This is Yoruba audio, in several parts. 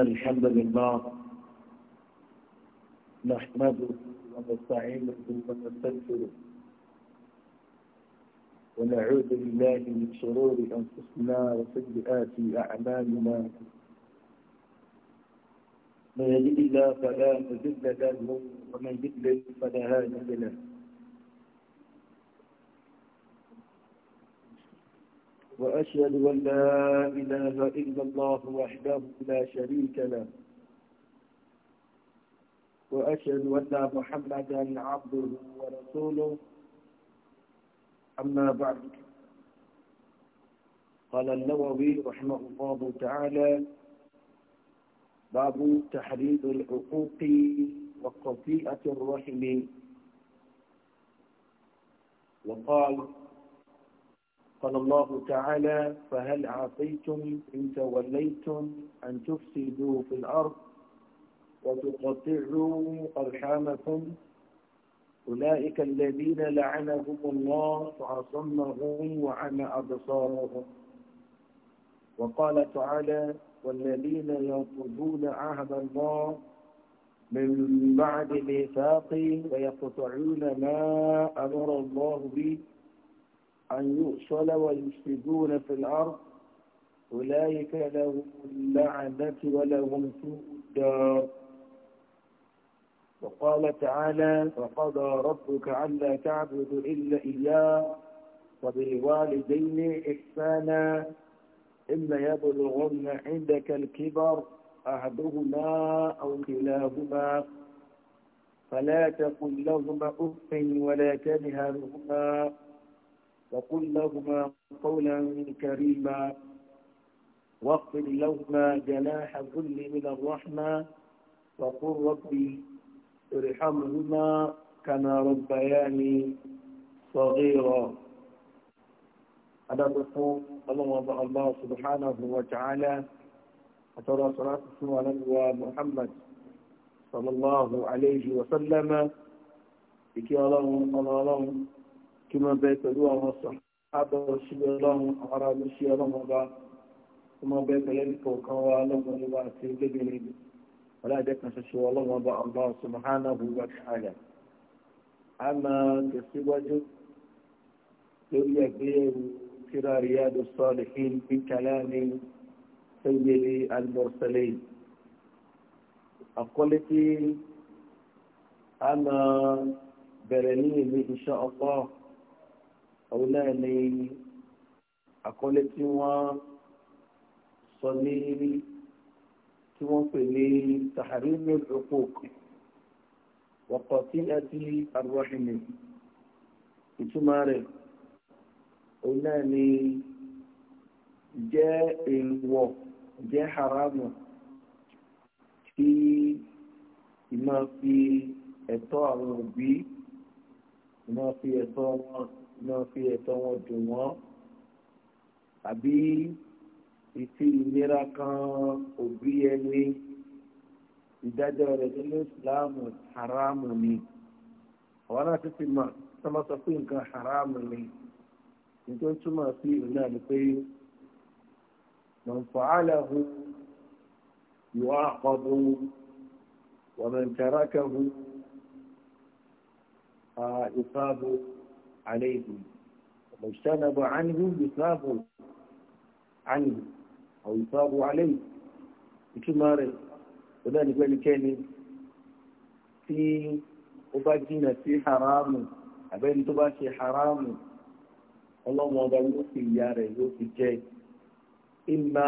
الحمد لله نحمده ونستعينه ونستغفره ونعوذ بالله من شرور أنفسنا وسيئات أعمالنا من يهد الله فلا مضل له ومن يضلل فلا هادي له وأشهد أن لا إله إلا الله وحده لا شريك له وأشهد أن محمدا عبده ورسوله أما بعد قال النووي رحمه الله تعالى باب تحريض الحقوق وقطيئة الرحم وقال قال الله تعالى فهل عصيتم إن توليتم أن تفسدوا في الأرض وتقطعوا أرحامكم أولئك الذين لعنهم الله فعصمهم وعن أبصارهم وقال تعالى والذين ينقضون عهد الله من بعد ميثاقه ويقطعون ما أمر الله به أن يؤصل ويفسدون في الأرض أولئك لهم اللعنة ولهم سوء الدار وقال تعالى وقضى ربك ألا تعبدوا إلا إياه وبالوالدين إحسانا إما يبلغن عندك الكبر أحدهما أو كلاهما فلا تقل لهما أف ولا تنهرهما وقل لهما قولا كريما واغفر لهما جناح الذل من الرحمة وقل ربي ارحمهما كما ربياني صغيرا أدركم الله الله سبحانه وتعالى أترى صلاة على محمد صلى الله عليه وسلم إكي الله الله kí wọ́n bẹ pẹ̀lú àwọn sàn ábọ̀ sílẹ̀ ọlọ́run àwọn ará olóṣì ọlọ́run ọba kí wọ́n bẹ pẹ̀lú ẹnìkan kan wá lọ́gbọ̀n níwá àti lébìnrin ọlájẹ́ kan ṣoṣo ọlọ́run ọba ọba subhanahu wa ta'ala a máa tẹ̀síwájú lórí bẹ̀rẹ̀ ní ìlú insha Allah òun náà ni àkọlé tí wọ́n sọ ní tí wọ́n pè ní taharimi al-uquq wa qati'ati ar-rahim ìtumọ̀ rẹ̀ òun náà ni jẹ́ èèwọ̀ jẹ́ haramu tí ìmọ̀ fi ẹ̀tọ́ àwọn òbí ìmọ̀ fi ẹ̀tọ́ wọn náà fi ẹ̀tọ́ wọn dùn wọ́n àbí ìtì ìnira kan òbí ẹni ìdájọ́ rẹ̀ nínú ìsìláàmù haramu ni àwọn náà ti fi mọ̀ sọ́mọ́ sọ pé nǹkan haramu ni nítorí túmọ̀ sí ìlú náà ni pé mọ̀nfàálàhù yóò àkọ́bù wọ̀mẹ̀ntàrákàhù ìfáàbù. عليكم وما اجتنب عنه يثاب عنه أو يثاب عليه ìtumọ̀ rẹ̀ kò náà ní pẹ́nikẹ́ni tí ó bá jìnà sí haramu àbẹ́ni tó bá ṣe haramu ọlọ́mọ ọba yóò fi ìyá rẹ̀ yóò fi jẹ́ ìmà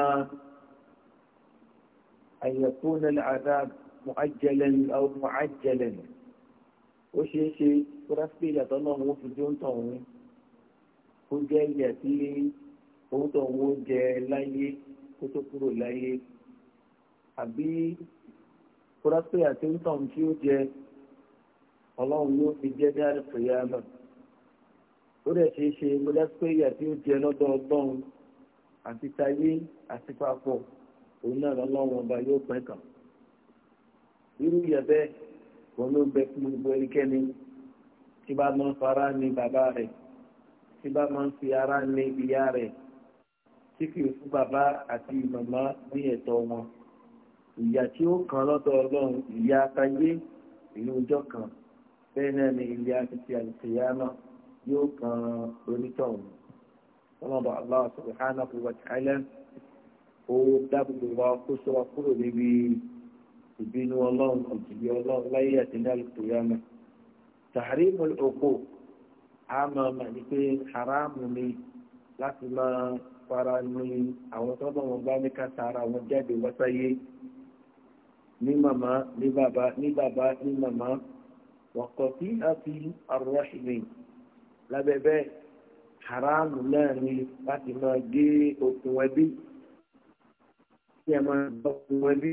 àyẹ̀kú nílẹ̀ àdá mọ̀ ájẹlẹ̀ ní àwọn mọ̀ ájẹlẹ̀ ní ó ṣeé ṣe kó dá sí pé ìyàtọ̀ náà wọ́n fi jó ń tàn wọ́n ó jẹ́ ìyà tí owó tó ń wó jẹ láyé kó tó kúrò láyé àbí kó dá sí pé àti ń tàn tí ó jẹ ọlọ́run ló fi jẹ́ ní àlùfẹ́yà náà ó dẹ̀ ṣe kó dá sí pé ó jẹ lọ́dọ̀ ọlọ́run àti tayé àti papọ̀ òun náà lọ́lọ́run ọba yóò pẹ́ kàn irú ìyà bẹ́ẹ̀ òun ló bẹ fún gbogbo ẹnikẹ́ni tí bá máa ń fara ní bàbá rẹ̀ tí bá máa ń fi ara ní ìyá rẹ̀ tí kì í fún bàbá àti màmá ní ẹ̀tọ́ wọn ìyà tí ó kàn lọ́dọ̀ ọlọ́run ìyà àtayé ìlú ọjọ́ kan bẹ́ẹ̀ náà ni ìyà àti àlùfẹ́yà náà yóò kan onítọ̀hún ọlọ́ba Allah subhanahu wa ta'ala ó dábòbò wa kó sọ wa kúrò níbi ìbínú ọlọ́run ìjìbí ọlọ́run láyé àti dálùkù yámẹ́ tàrímù òkú àmọ́ mà ní pé haramu ni láti máa fara ní àwọn tó bá wọn bá ní ká tara wọn jáde wáṣáyé ní màmá ní bàbá ní bàbá ní màmá wọ̀kọ̀ tí a fi arúgbáṣìmí lábẹ́bẹ́ haramu náà ni láti máa gé okùn ẹbí tí a máa gbọ́ okùn ẹbí.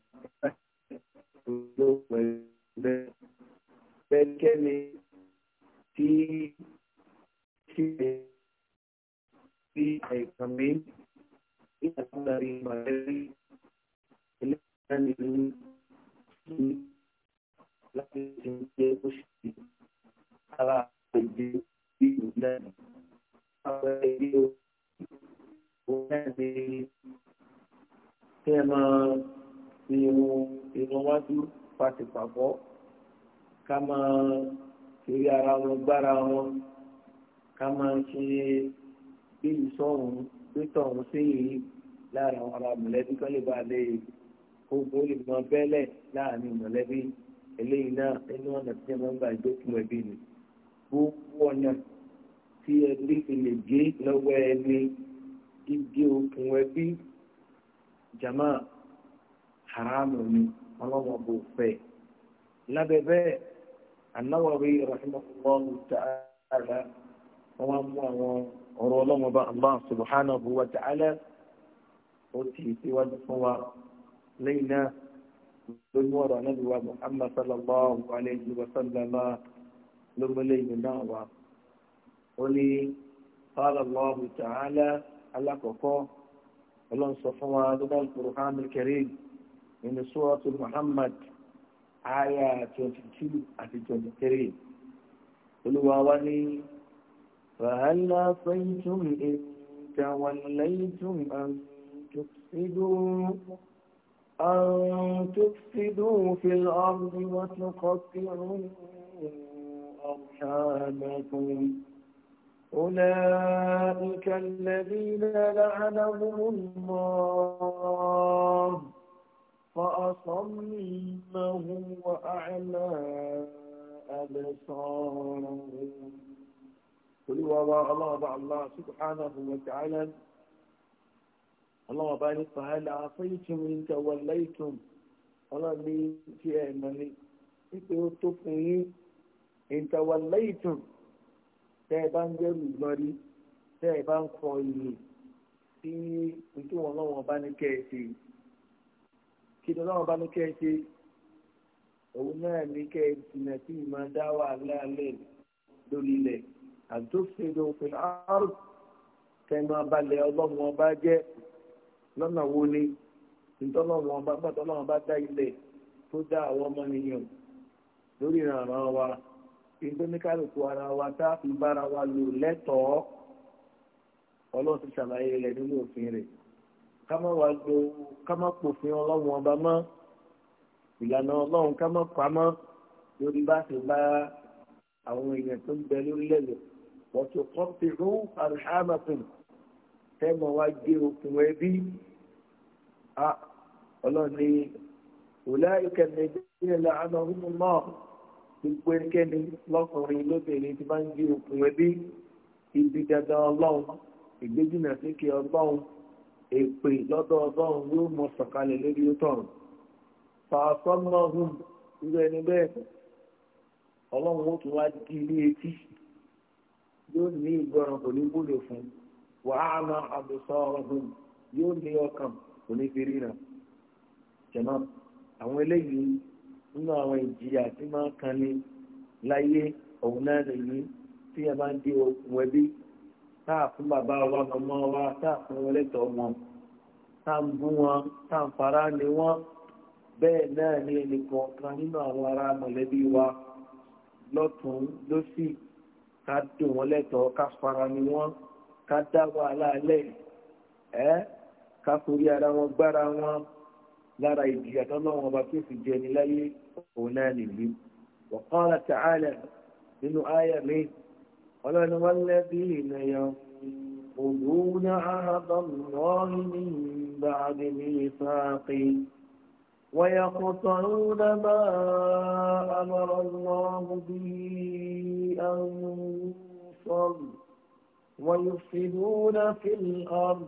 ló pẹ̀lẹ́ bẹ́ẹ̀kẹ́ni tí tí tí àìsàn mi ní àtúndarí màlẹ́rí ẹlẹ́gbẹ̀rún ní láti ṣe jẹ́ oṣù ara ìdí ìlú lẹ́nu àwọn ẹbí o òun náà ni kí ẹ máa fi irun irun wájú pàtìpàpọ̀ ká máa eré ara wọn gbára wọn ká máa ṣe bí ìsọ̀rùn pétọ̀ ọ̀hún sí yìí láàrin àwọn ará mọ̀lẹ́bí kan lè bá a lè gbogbo lè mọ bẹ́lẹ̀ láàrin mọ̀lẹ́bí eléyìí náà nínú ọ̀nà tí wọ́n gbà ìdókòwò ẹbí ni gbogbo ọ̀nà tí ẹbí fi lè gé lọ́wọ́ ẹni igi okùn ẹbí jàmáà haramu ni ọlọ́wọ́ bò fẹ́. lábẹ́ bẹ́ẹ̀ anáwọ̀wé rahimahullahu ta'ala wọ́n á mú àwọn ọ̀rọ̀ ọlọ́mọba allah subhanahu wa ta'ala ó ti síwájú fún wa lẹ́yìn náà lórí ọ̀rọ̀ anábì wa muhammad sallallahu alayhi wa sallam ló mú lẹ́yìn náà wá. ó ní qala allah ta'ala alákọ̀ọ́kọ́ ọlọ́run sọ fún wa lọ́dọ̀ al-Qur'an al-Karim. من سورة محمد of Muhammad, Ayah 22 at 23. فهل أطيتم إن توليتم أن تفسدوا أن تفسدوا في الأرض وتقطعوا أرحامكم أولئك الذين لعنهم الله فأصمهم وأعلى أبصارهم قل وراء الله بع الله سبحانه وتعالى الله بارك فهل عصيتم إن توليتم الله مني في أمني إذا إن توليتم تابان جروا المري تابان قوي في إنتم الله بارك فيه kí ni ọlọ́run bá ní kẹ́ ẹ ṣe òun náà ní kẹ́ ẹ tìǹà tí ì máa dá wàhálà lẹ̀ lórí ilẹ̀ àtúnṣedo òfin àrùn kẹnu abalẹ̀ ọlọ́run ọba jẹ́ lọ́nà wo ni ntọ́lọ́run ọba gbàtọ́ ọlọ́run ọba dá ilẹ̀ tó dá àwọn ọmọnìyàn lórí ìrànràn wa ìgbóníkàlùkù ara wa tá a fi bára wa lò lẹ́tọ̀ọ́ ọlọ́run ti ṣàlàyé rẹ̀ nínú òfin rẹ̀ ká má wá lo ká má pòfin ọlọ́run ọba mọ́ ìlànà ọlọ́run ká má pamọ́ lórí bá ti bá àwọn èèyàn tó ń bẹ lórílẹ̀ lò wọ́n tó kọ́ fi rú àrùhámàfin tẹ́ mọ̀ wá gé okùn ẹbí ọlọ́run ní ọ̀làyíkẹ́ nàìjíríà làánà ọ̀hún náà gbogbo ẹnikẹ́ni lọ́kùnrin lóbìnrin ti máa ń gé okùn ẹbí ibi dandan ọlọ́run ìgbéjìnà sí kí ọlọ́run. èpè lọ́dọ̀ ọlọ́run yóò mọ sọ̀kalẹ̀ lórí ọtọ̀run fàásọ́nàhùn irú ẹni bẹ́ẹ̀ ọlọ́run ó tún wá di ilé etí yóò ní ìgbọràn kò ní wúlò fún wàá na yóò ní ọkàn kò ní fi ríran jẹ̀mọ́ àwọn eléyìí nínú àwọn ìjìyà tí máa ń kan ní láyé táà fún bàbá wa màmá wa táà fún ọlẹ́tọ̀ wọn táà ń bú wọn táà ń fara ni wọn bẹ́ẹ̀ náà ni ẹnìkan kan nínú àwọn ará mọ̀lẹ́bí wa lọ́tún lọ́sì ká dùn wọ́n lẹ́tọ̀ọ́ ká fara ni wọ́n ká dá wàhálà lẹ̀ ẹ́ ká forí ara wọn gbára wọn lára ìjìyà tọ́lọ́wọ́n tó fi jẹni láyé òun náà nìyí. ọlọ́ni والذين يقضون عهد الله من بعد ميثاقه ويقطعون ما أمر الله به أن يوصل ويفسدون في الأرض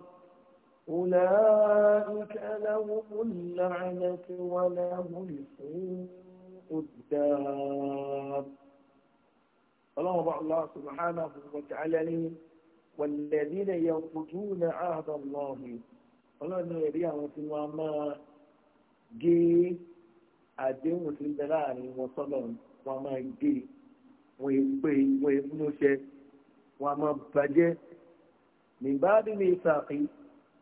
أولئك لهم اللعنة ولهم سوء الدار ọlọ́run bá Allah subhanahu wa ta'ala ní walladhina yanquduna ahda Allah ọlọ́run ní ẹ̀rí àwọn tí wọ́n máa gé àdéhùn tí ń bẹ láàrin wọn sọ́dọ̀ wọn máa gé wọn èpè wọn èmúṣẹ wọn máa bàjẹ́ nìbàdí ní ìsàkí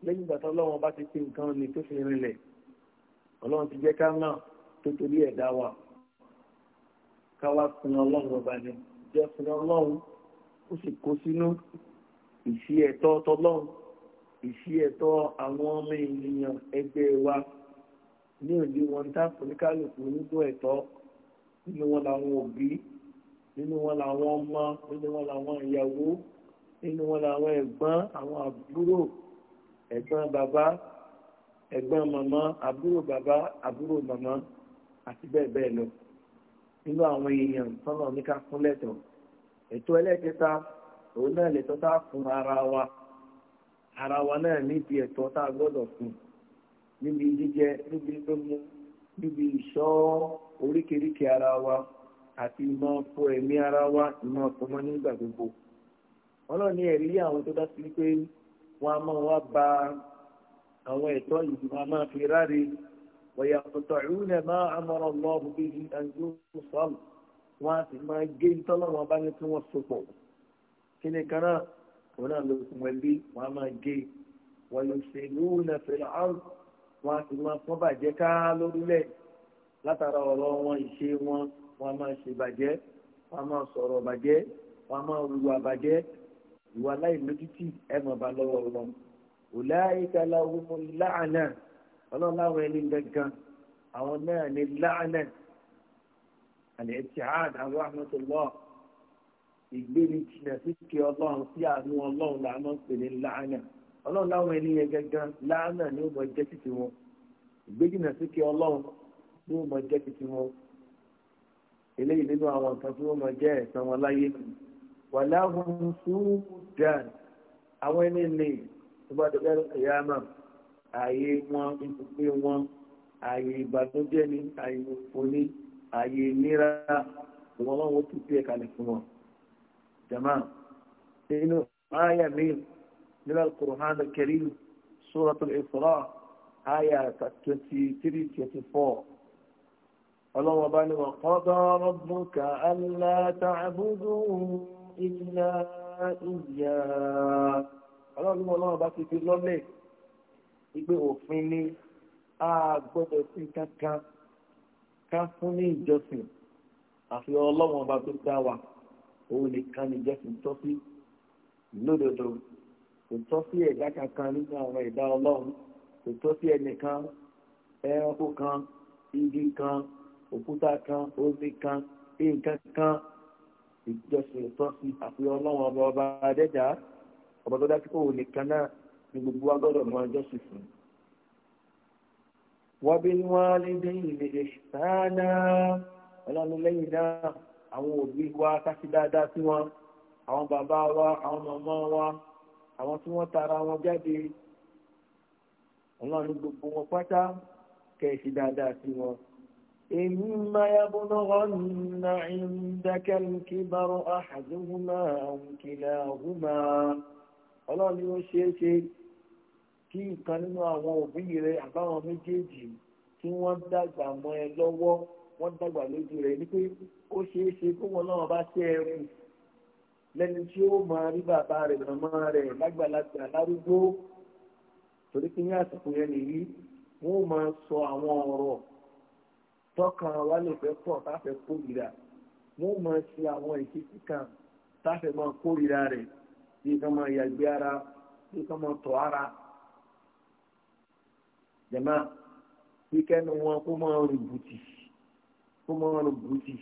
lẹ́yìn ìgbà tó ọlọ́run bá ti fi nǹkan ní tó fi rinlẹ̀ ọlọ́run ti jẹ́ ká náà tó torí ẹ̀dá wa ká wá fún ọlọ́run ọba ni ìjọsìn ọlọ́run ó sì kó sínú ìṣí ẹ̀tọ́ tọlọ́run ìṣí ẹ̀tọ́ àwọn ọmọ ènìyàn ẹgbẹ́ wa ní òde wọn tá oníkálùkù nínú ẹ̀tọ́ nínú wọn làwọn òbí nínú wọn làwọn ọmọ nínú wọn làwọn ìyàwó nínú wọn làwọn ẹ̀gbọ́n àwọn àbúrò ẹ̀gbọ́n bàbá ẹ̀gbọ́n màmá àbúrò bàbá àbúrò màmá àti bẹ́ẹ̀ bẹ́ẹ̀ lọ. nínú àwọn èèyàn tọ́nà oníká fún lẹ́tọ̀ ètò ẹlẹ́kẹta òun náà lè tọ́ta fún ara wa ara wa náà níbi ẹ̀tọ́ tá gbọ́dọ̀ fún níbi jíjẹ níbi mímu níbi ìṣọ́ oríkèéríkèé ara wa àti ìmọ̀ fún ẹ̀mí ara wa ìmọ̀ fọmọ nígbà gbogbo ọlọ́run ní ẹ̀rí àwọn tó dá sí pé wọ́n á máa wá ba àwọn ẹ̀tọ́ yìí wọ́n á máa fi ráre ويقطعون ما أمر الله به أن يوصل وما جين طلب بانت والسطور كنا كنا هنا لكم ولي وما جي ويفسدون في الأرض وما صبع جكال لله لا ترى الله ويشي وما شبجه وما صور بجه وما هو بجه ولا يمكتي أما بالله ولم أولئك لهم اللعنة ọlọ́run láwọn ẹni gangan àwọn náà ní láàánẹ̀ àlẹ́ ẹ̀tìhàn àwọn àmọ́tòlọ́ ìgbéni jìnnà síkè ọlọ́run sí àánú ọlọ́run làánà ń pè ní láàánẹ̀ ọlọ́run láwọn ẹni yẹn gangan láàánẹ̀ ni ó mọ jẹ́ títí wọn ìgbéjìnnà síkè ọlọ́run ni ó mọ jẹ́ títí wọn eléyìí nínú àwọn nǹkan tí wọ́n mọ jẹ́ ẹ̀san wọn láyé wà láwọn sùúrù dáa àwọn ẹni ní ìbádọ́gbẹ́rún ẹ̀yà ààyè wọn ibùgbé wọn ààyè ìbànújẹ́ ni ààyè òfòní ààyè ìnira wọn wọn wọn tún fi ẹ̀ka lè fún wọn. jama inú àyà mi nínú al-Qur'an al-Karim suratul Isra àyà twenty three twenty four. الله بل وقضى ربك ألا تعبدوا إلا إياه الله الله بك في الله wípé òfin ni a gbọ́dọ̀ sí kankan ká fún ní ìjọsìn àfi ọlọ́wọ́n ọba tó dá wa òun nìkan ni ìjọsìn tọ́ sí lódodo kò tọ́ sí ẹ̀dá kankan nínú àwọn ẹ̀dá ọlọ́run kò tọ́ sí ẹnìkan ẹranko kan igi kan òkúta kan omi kan nǹkan kan ìjọsìn tọ́ sí àfi ọlọ́wọ́n ọba ọba adẹ́dá ọba tó dá sí òun nìkan náà ní gbogbo wa gbọ́dọ̀ mọ ọjọ́ sì fún. wa bil walidayni ihsana ọlọ́run lẹ́yìn náà àwọn òbí wa kásí dáadáa sí wọn àwọn bàbá wa àwọn màmá wa àwọn tí wọ́n tara wọn jáde ọlọ́run gbogbo wọn pátá kẹ̀sì dáadáa sí wọn. إما يبلغن عندك الكبر أحدهما أو كلاهما ọlọ́run ni ó ṣeé ṣe kí ìkan nínú àwọn òbí rẹ àbáwọn méjèèjì tí wọ́n dàgbà mọ́ ẹ lọ́wọ́ wọ́n dàgbà lójú rẹ ni pé ó ṣeé ṣe kó wọn náà bá ṣe ẹrù lẹ́ni tí ó máa rí bàbá rẹ màmá rẹ lágbàlagbà lárúgbó torí pé ní àsìkò yẹn nìyí wọ́n máa sọ àwọn ọ̀rọ̀ tọkàn wa lè fẹ́ pọ̀ káfẹ́ kórìíra wọ́n máa ṣe àwọn ìṣesí kan káfẹ́ máa kórìíra rẹ̀ bí kan máa yàgbé ara bí kan máa tọ̀ ara jẹ̀má wíkẹ́ndì wọn kó máa rìn bùtì kó máa rìn bùtì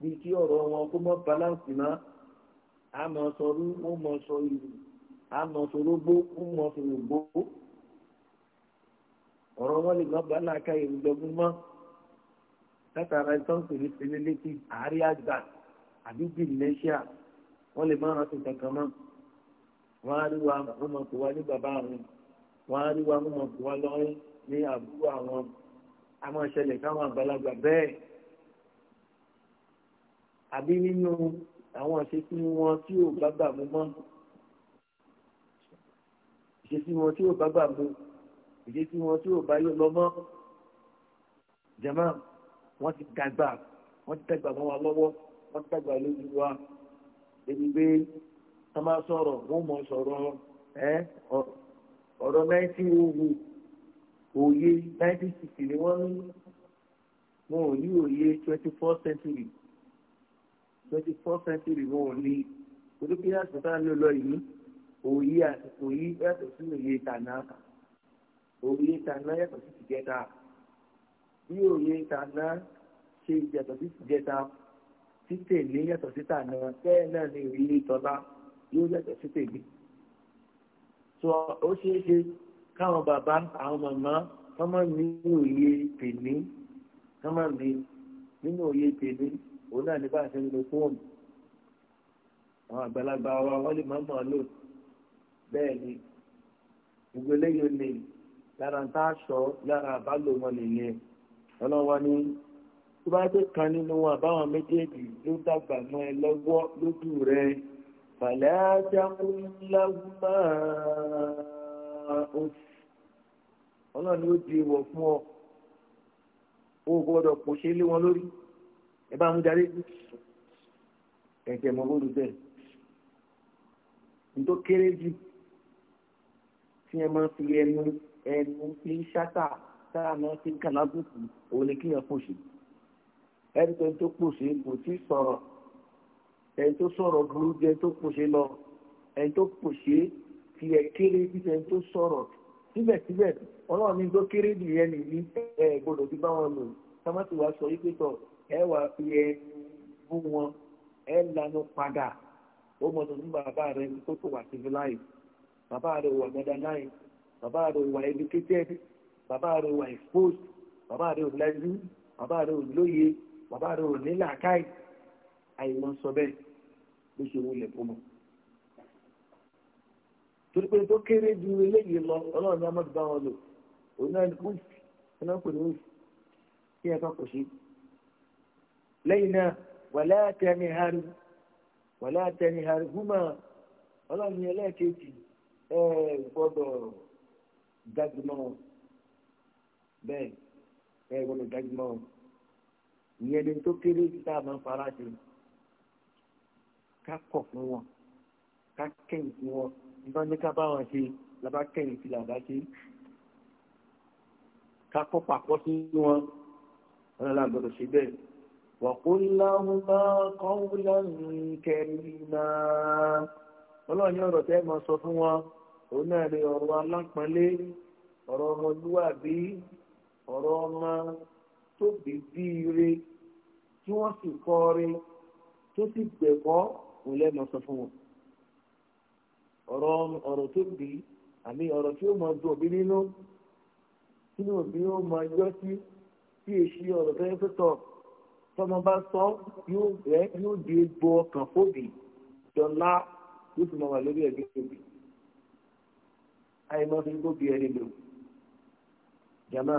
bí kí ọ̀rọ̀ wọn kó mọ́ balance mọ́ a mọ̀ sọ̀rọ̀ wọ́n mọ̀ sọ ìlú a mọ̀ sọ̀rọ̀ gbó wọ́n mọ̀ sọ̀rọ̀ gbó ọ̀rọ̀ wọn lè gbọ́ bàálàkà ìrìndọ́gbọ́n mọ́ látara ìtàn pèlú pèlú àgbà àbí jìnnẹ́ṣíà wọ́n lè má rántí kankan mọ́ wọ́n á rí wa wọ́n mọ̀ wá ní bàbá àwọn wọ́n á rí wa mú wọn bù wọn lọ́rùn ní àbúrò àwọn amọ̀ṣẹlẹ̀ káwọn àgbàlagbà bẹ́ẹ̀ àbí nínú àwọn àṣekí wọn tí ò bábà mú mọ́ ìṣesí wọn tí ò bábà mú ìṣesí wọn tí ò bá yọ lọ mọ́ jama wọ́n ti dàgbà wọ́n ti dàgbà mọ́ wa lọ́wọ́ wọ́n ti dàgbà lójú wa ebi gbé wọ́n máa sọ̀rọ̀ wọ́n mọ̀ sọ̀rọ̀ ẹ́ ọ̀rọ̀ ọ̀rọ̀ 1900, owó òye náìtì sixty ni wọ́n ń wọn ò ní òye twenty century twenty four century mo ò ní olùkí àtúntò àlọ́ lọ yìí òye àtúntò yìí yàtọ̀ sí òye tànà òye tànà yàtọ̀ sí tìjẹta bí òye tànà ṣe yàtọ̀ sí tìjẹta títẹ̀lé yàtọ̀ sí tànà bẹ́ẹ̀ náà ni òye tọ́lá yóò yàtọ̀ sí tèmi so ó ṣeé ṣe káwọn bàbá àwọn màmá kán má ní òye tèmi kán má ní nínú òye tèmi òun náà ní bá a ṣe ń lo fóònù àwọn àgbàlagbà wa wọ́n lè máa ń mọ̀ lò bẹ́ẹ̀ ni gbogbo eléyìí ni lára tá a sọ lára àbálò wọn nìyẹn ọlọ́wọ́ ni tó bá tó kan nínú àbáwọn méjèèjì ló dàgbà mọ́ ẹ lọ́wọ́ lójú rẹ̀ فلا تقل لهما أف ọlọ́run ló di ìwọ̀ fún ọ o gbọ́dọ̀ kò ṣe lé wọn lórí ẹ bá mú darí ẹ̀jẹ̀ mọ́ bóru bẹ́ẹ̀ ní tó kéré jù tí ẹ máa fi ẹnu ẹnu fi ṣáta sára máa fi kàlábùkù òun ni kíyàn pòṣè ẹni tó ń tó pòṣè kò tí sọ̀rọ̀ ẹni tó sọ̀rọ̀ burú jẹ́ tó pòṣe lọ ẹni tó pòṣe fi ẹ̀ kéré bí ẹni tó sọ̀rọ̀ síbẹ̀síbẹ̀ ọlọ́run ní tó kéré nìyẹn nìyí ẹ gbọ́dọ̀ ti bá wọn lò sámátì wàá sọ wípé tọ̀ ẹ wàá fi ẹ bú wọn ẹ lanu padà ó mọ̀tò ní bàbá rẹ tó kò wà síbi láì bàbá rẹ wà mẹ́ta láì bàbá rẹ wà educated bàbá rẹ wà exposed bàbá rẹ ò lẹ́jú bàbá rẹ ò lóye bàbá rẹ ò nílàákàyè àìmọ̀ sọ bẹ́ẹ̀ bó ṣe wọlé fún mi torí pé tó kéré ju eléyìí lọ ọlọ́run ní amadu bá wọn lò òun náà wíf iná pè ní wíf kí ẹ kàn kò sí lẹ́yìn náà wàlẹ́ àtẹni hari wàlẹ́ àtẹni hari húmà ọlọ́run ní ẹlẹ́ẹ̀kejì ẹ gbọ́dọ̀ dájúmọ́ wọn bẹ́ẹ̀ ẹ gbọ́dọ̀ dájúmọ́ wọn ìyẹn ni tó kéré tá a máa fara ṣe ká kọ̀ fún wọn ká kẹ́yìn fún wọn nígbà ní ká bá wọn ṣe làbá kẹ́yìn sí làbá ṣe ká kọ́ pàpọ̀ sí wọn wọn là gbọdọ̀ ṣe bẹ́ẹ̀. وقل لهما قولا كريما ọlọ́run ní ọ̀rọ̀ tẹ́ mọ sọ fún wọn òun náà ni ọ̀rọ̀ alápọ̀nlé ọ̀rọ̀ ọmọlúwàbí ọ̀rọ̀ ọmọ tó bí tí wọ́n sì kọ́ rí tó sì gbẹ̀kọ́ òun lẹ́ẹ̀mọ sọ fún wọn ọ̀rọ̀ ọ̀rọ̀ tó bì í àmì ọ̀rọ̀ tí ó máa dùn òbí nínú nínú òbí ó máa yọ sí tí èsì ọ̀rọ̀ tó yẹ kó tọ̀ tọ́mọ bá sọ yóò rẹ yóò di egbò ọkàn fòbì dọ́là yóò fi máa wà lórí ẹ̀gbẹ́ òbí àìmọ́ fi gbóbi ẹni lò jama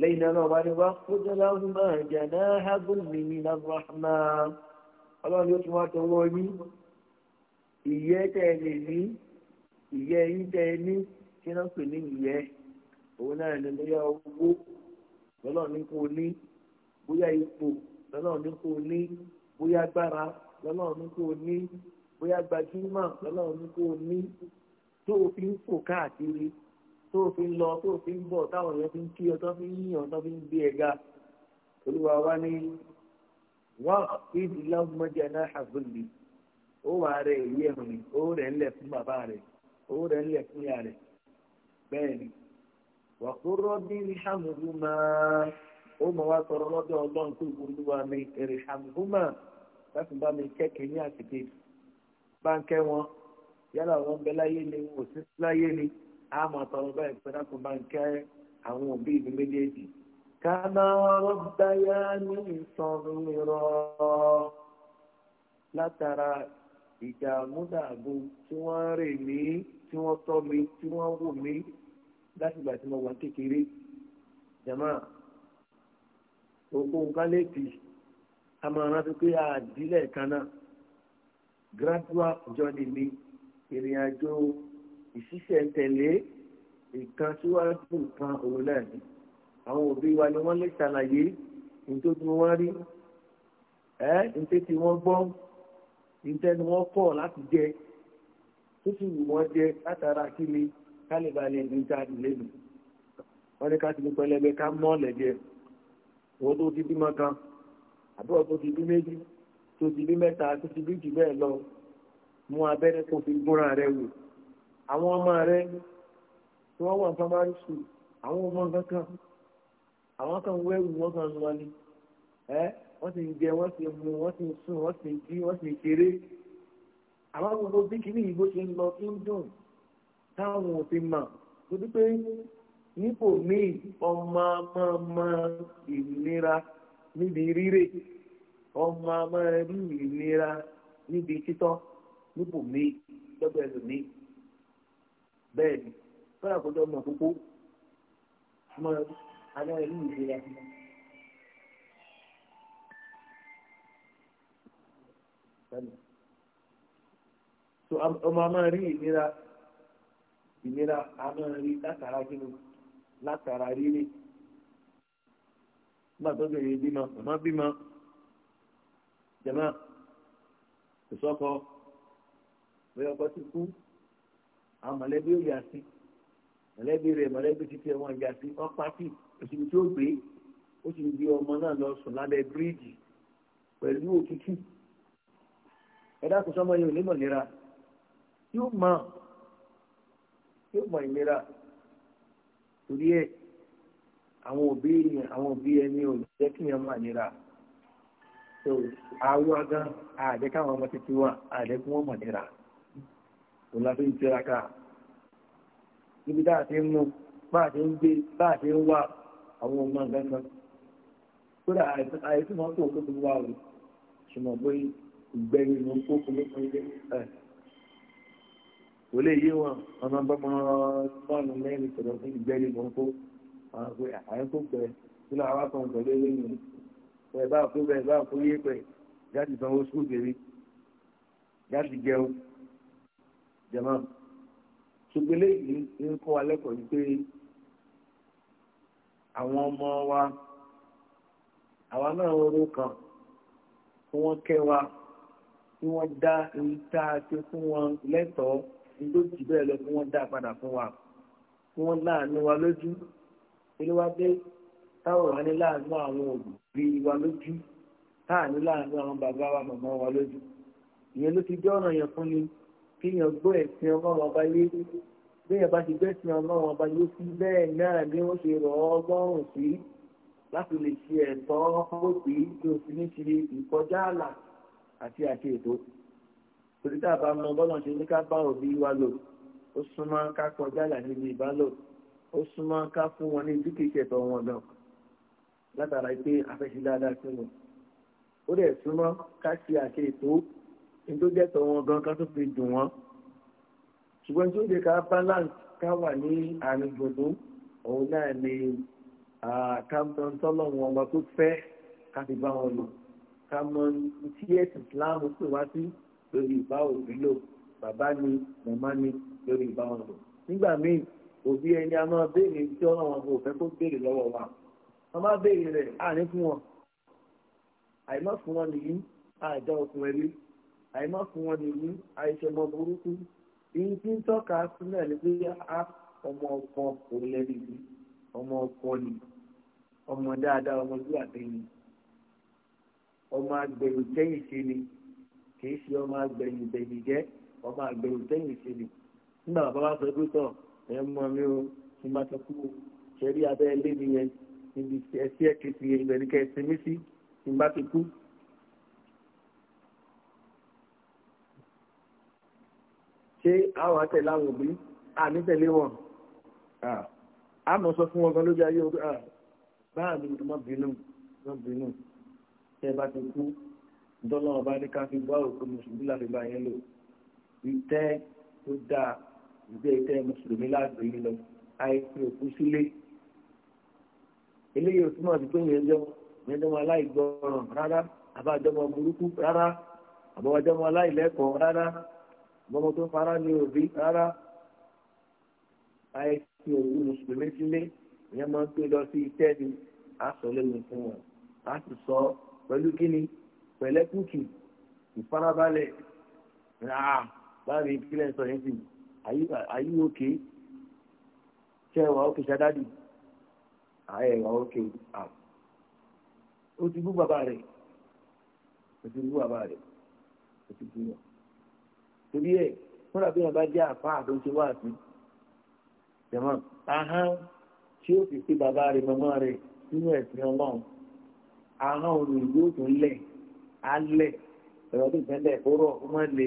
lẹ́yìn náà wà ní wá fúnjẹ́ láwùmá jẹ̀ náà hágùn mi ní lábúráhámá ọlọ́run ló tún wá tọwọ́ yín ìyẹ́ tẹ́ ẹ lè ní ìyẹ́ yín tẹ́ ẹ ní kí wọ́n pè ní ìyẹ́ òun náà ní bóyá owó lọ́lọ́run ní kó o ní bóyá ipò lọ́lọ́run ní kó ní bóyá agbára lọ́lọ́run ní kó ní bóyá gbajúmọ̀ lọ́lọ́run ní kó ní tó o fi ń fò káàkiri tó o fi ń lọ tó o fi ń bọ̀ táwọn èèyàn fi ń kí ọ fi ń yíyan tó fi ń gbé ẹ ga olúwa wa ní. wọ́n fi lọ́mọdé náà àbúlé ó wà rẹ̀ èyí ẹ̀hún ó rẹ̀ ńlẹ̀ fún bàbá rẹ̀ ó rẹ̀ ńlẹ̀ rẹ̀ bẹ́ẹ̀ ni wàkúrọ́ bí wa mi èrè ìhàmùhùmá láti bá mi kẹ́kẹ́ ní àtìkè báńkẹ́ wọn yálà wọn كما ربياني صغيرا látara ìdààmúdààbò tí wọ́n ń rìn mí tí wọ́n tọ́ mi tí wọ́n wò mí láti ìgbà tí mo wà kékeré jàmá òkú nǹkan lẹ́ẹ̀tì a máa rántí pé àdílẹ̀ kan gradual journey mi ìrìn ìṣiṣẹ́ tẹ̀lé ìkan síwájú nǹkan òun náà ni àwọn òbí wa ni wọ́n lè ṣàlàyé nítorí tí wọ́n rí ẹ́ nítorí tí wọ́n gbọ́ nítorí wọ́n kọ̀ láti jẹ tó sì wù wọ́n jẹ látara kí ni kálíbalẹ̀ ní ta ìlẹ́nu wọ́n ní ká ti mú pẹlẹbẹ ká mọ́ ọ̀lẹ́jẹ wọ́n tó ti bímọ kan àbúrò tó ti bí méjì tó ti bí mẹ́ta tó ti bí jù bẹ́ẹ̀ lọ mú abẹ́rẹ́ kó fi gúnra rẹ wò àwọn ọmọ rẹ tí wọ́n wà ní primary school àwọn ọmọ kankan àwọn kan wẹ́wù wọ́n kan lọ ni ẹ́ wọ́n ti ń jẹ wọ́n ti mu wọ́n ti ń sùn wọ́n ti ń jí wọ́n ti ń ṣeré àwọn gbogbo bí kìíní yìí ṣe ń lọ kí ń dùn táwọn mọ̀ torí pé nípò míì ọmọ ọmọ níbi rírè ọmọ ọmọ rí níbi títọ́ nípò míì bẹ́ẹ̀ ni ọmọ àkókò ọmọ àwọn ìlú ìbílẹ̀. so ọmọ máa rí ìnira ìnira a máa rí látara kí ni látara rírì nígbà tó bẹ̀rẹ̀ bímọ màmá bímọ jẹ̀mọ́ ìsọ́kọ bẹ́ẹ̀ ọkọ ti kú àwọn mọ̀lẹ́bí ò yà sí mọ̀lẹ́bí rẹ̀ mọ̀lẹ́bí títí ẹ̀ wọ́n yà sí ọ́ pátì òsibí tí ó gbé ó sì ń gbé ọmọ náà lọ sùn lábẹ́ bíríìjì pẹ̀lú òtútù ẹ̀dá kò sọ́mọ yẹn ò ní mọ̀ nira yóò mọ̀ yóò mọ̀ ìnira torí ẹ̀ àwọn òbí yẹn àwọn òbí ẹni ò jẹ́ kí yẹn mọ̀ nira so àwọn agan àjẹ́ káwọn ọmọ títí wà àjẹ́ kí wọ́n mọ̀ nira òun la fi ń tiraka ibi tá a ti ń mú bá a ti ń gbé bá a ti ń wá àwọn ọmọ gángan kódà àìsí máa ń kó òkú gbogbo àwọn ṣùgbọ́n pé ìgbẹ́yìn ló ń kó òkú ló fún ilé ẹ̀ kò lè yé wọn ọmọ bọ́mọ fọ́ọ̀nù mẹ́rin sọ̀rọ̀ fún ìgbẹ́yìn ló ń kó àwọn pé àyẹ̀kó pẹ̀ nínú àwọn kan pẹ̀lú eléyìí pẹ̀ bá kó bẹ̀ bá kó yé pẹ̀ jáde sanwó sùkúl kiri jáde jẹun jẹmọ́ ṣùgbọ́n eléyìí ń kọ́ alẹ́kọ̀ọ́ yìí pé àwọn ọmọ wa àwa náà oró kan kí wọ́n kẹ́ wa kí wọ́n dá èyí tá a ṣe fún wọn lẹ́tọ̀ọ́ nítorí jù bẹ́ẹ̀ lọ kí wọ́n dá padà fún wa kí wọ́n láàánú wa lójú olúwadé táwọn wà ní láàánú àwọn òbí wa lójú táàní láàánú àwọn bàbá wa màmá wa lójú ìyẹn ló ti jẹ́ ọ̀nà yẹn fún ni kí yẹn gbọ́ ẹ̀sìn ọmọ bàbá yé bẹ́ẹ̀ bá ti gbẹ́sìn ọlọ́run ọba yóò fi bẹ́ẹ̀ náà bí wọ́n ṣe rọ̀ ọ́ gbọ́rùn sí láti lè ṣe ẹ̀tọ́ pòpì tí o fi ní ṣe ìkọjá àlà àti àti ètò torí tá a bá mọ bọ́lá ṣe ní ká bá òbí wa lò ó súnmọ́ ká kọjá àlà níbi ìbálò ó súnmọ́ ká fún wọn ní dúkìá ṣẹ̀tọ́ wọn dàn látara pé afẹ́ṣe dáadáa sí wọn ó dẹ̀ súnmọ́ ká ṣe àti ètò ní tó wọn gan ká tó fi dùn wọn ṣùgbọ́n tí ó lè ká balance ká wà ní àárín gbogbo òun náà ni campton tọ́lọ́wọ́n ọmọ tó fẹ́ ká fi bá wọn lò ká mọ tí ẹ̀sìn Islam pè wá sí lórí ìbá òbí lò bàbá ni màmá ni lórí ìbá wọn lò nígbà míì òbí ẹni a máa béèrè tí ọlọ́wọ́n kò fẹ́ kó béèrè lọ́wọ́ wa wọ́n bá béèrè rẹ̀ àní fún wọn àìmọ́ fún wọn nìyí àìjọ okùn àìmọ́ fún wọn nìyí àìṣẹ́mọ burúkú èyí tí ń tọ́ka sílẹ̀ ni pé a ọmọ ọkọ kò lẹ́nu ìlú ọmọ ọkọ ni ọmọ dáadáa ọmọ lúwàbí ni ọmọ agbẹ̀rù tẹ́yìn ṣe ni kìí ṣe ọmọ agbẹ̀yìn ìbẹ̀yìn jẹ́ ọmọ agbẹ̀rù tẹ́yìn ṣe ni nígbà bàbá wa sọ pé tọ̀ ẹ mọ mi o kí n tọ́ kú ṣẹ́rí abẹ́ ilé mi yẹn níbi ẹsẹ̀ kìtì ìbẹ̀rù kẹsìmí sí kí n ti kú. ṣé àwọn àtẹ̀lé àwọn òbí àní tẹ̀lé wọn àmọ́ sọ fún wọn gan lójú ayé ọgbẹ́ báà ní ọmọ bínú ọmọ bínú tẹ bá ti kú dọ́là ọba ní ká fi bá òkú mùsùlùmí láti bá yẹn lò ìtẹ́ tó dáa ìgbé ìtẹ́ mùsùlùmí láti yìí lọ àìsí òkú sílé eléyìí ò túmọ̀ sí pé yẹn jọ yẹn jọ wọn aláìgbọràn rárá àbájọmọ burúkú rárá àbọ̀wájọmọ aláìlẹ́kọ̀ọ́ rárá ọmọ tó fara ní òbí rárá àìsí òwú mùsùlùmí sílé ìyẹn máa ń pè lọ sí iṣẹ́ ni a sọ lẹ́nu fún wọn a sì sọ pẹ̀lú kíni pẹ̀lẹ́kùtù ìfarabalẹ̀ ràá báyìí ìpínlẹ̀ sọ yẹn sì àyí òkè ṣe ẹwà òkè ṣadádì àyẹ̀ ẹwà òkè à ó ti bú bàbá rẹ̀ ó ti bú bàbá rẹ̀ ó ti bú wọn torí ẹ̀ fúnra bí wọn bá jẹ́ àfa àtúnṣe wá sí jẹ̀mọ́ ahán tí ó fi sí bàbá rẹ̀ mọ́mọ́ rẹ̀ nínú ẹ̀sìn ọlọ́run ahán olùdó tó ń lẹ̀ alẹ̀ ẹ̀rọ tó tẹ́lẹ̀ kó rọ̀ kó má le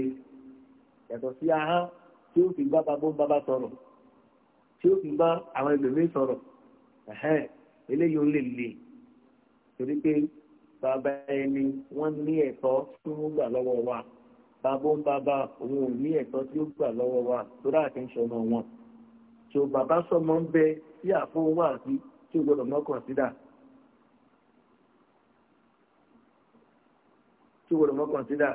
yàtọ̀ sí ahán tí ó fi bá babó ń bábá sọ̀rọ̀ tí ó fi bá àwọn ẹlòmíín sọ̀rọ̀ eléyìí ó lè le torí pé bàbá ẹni wọ́n ní ẹ̀tọ́ tó ń gbà lọ́wọ́ wa bàbá ń bàbá òun ò ní ẹ̀tọ́ tí ó gbà lọ́wọ́ wa lórí àtẹ̀ńṣọ́ ọmọ wọn tí o bàbá sọmọ ń bẹ tí àfún wà sí tí o gbọdọ̀ mọ́ kọ̀ǹsídà tí o gbọdọ̀ mọ́ kọ̀ǹsídà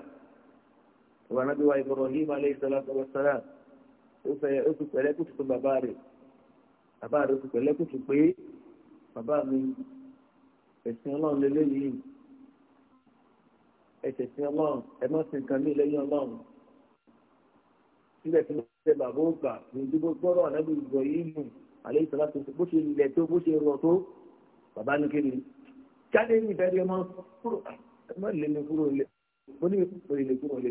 ìwà náà bí wa ìgbọ̀rọ̀ ní ìmàlẹ́ ìsọlá tọwọ́ sára ó fẹ́ ó fi pẹ̀lẹ́ kùtù tó bàbá rẹ̀ bàbá rẹ̀ ó fi pẹ̀lẹ́ kùtù pé bàbá mi ẹ̀sìn ọlọ́run lélẹ́yìn ẹ̀sẹ̀ sí ọlọ́run ẹ má sin nǹkan mí lẹ́yìn ọlọ́run síbẹ̀ tí wọ́n ṣe bàbá ògbà ní ìdúgbò gbọ́rọ̀ ànábì ìgbọ̀ yìí nù àlẹ́ ìsọ̀lá tó bó ṣe ilẹ̀ tó bó ṣe rọ̀ tó bàbá ní kéde jáde ní ìbẹ̀rẹ̀ ọmọ kúrò ọmọ ìlẹ́nu kúrò lẹ mo ní ìpínlẹ̀ ìlẹ̀ kúrò lẹ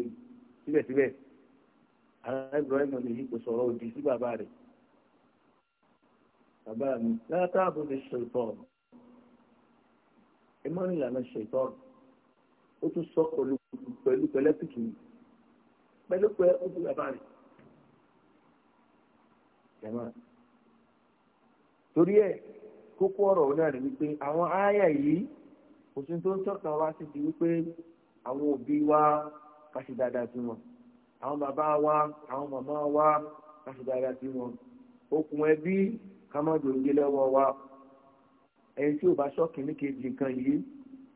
síbẹ̀síbẹ̀ àwọn Ibrahim lè yí kò sọ̀rọ̀ òdì sí bàbá rẹ̀ bàbá mi látàbù ní ṣètọ́ọ̀nù ẹ ìlànà ṣètọ́ọ̀nù ó tún sọ pẹ̀lú pẹ̀lú pẹ̀lẹ́pìtì ni pẹ̀lú pẹ̀ ó tún bàbá rẹ̀ jẹ̀mọ́ torí ẹ̀ kókó ọ̀rọ̀ náà rẹ̀ wípé àwọn ááyà yìí òsín tó ń tọ́ka wá sí di wípé àwọn òbí wa ká ṣe dáadáa sí wọn àwọn bàbá wa àwọn màmá wa ká ṣe dáadáa sí wọn okùn ẹbí ká má dòńgé lọ́wọ́ wa ẹni tí ò bá ṣọ́ọ̀kì ní kejì nǹkan yìí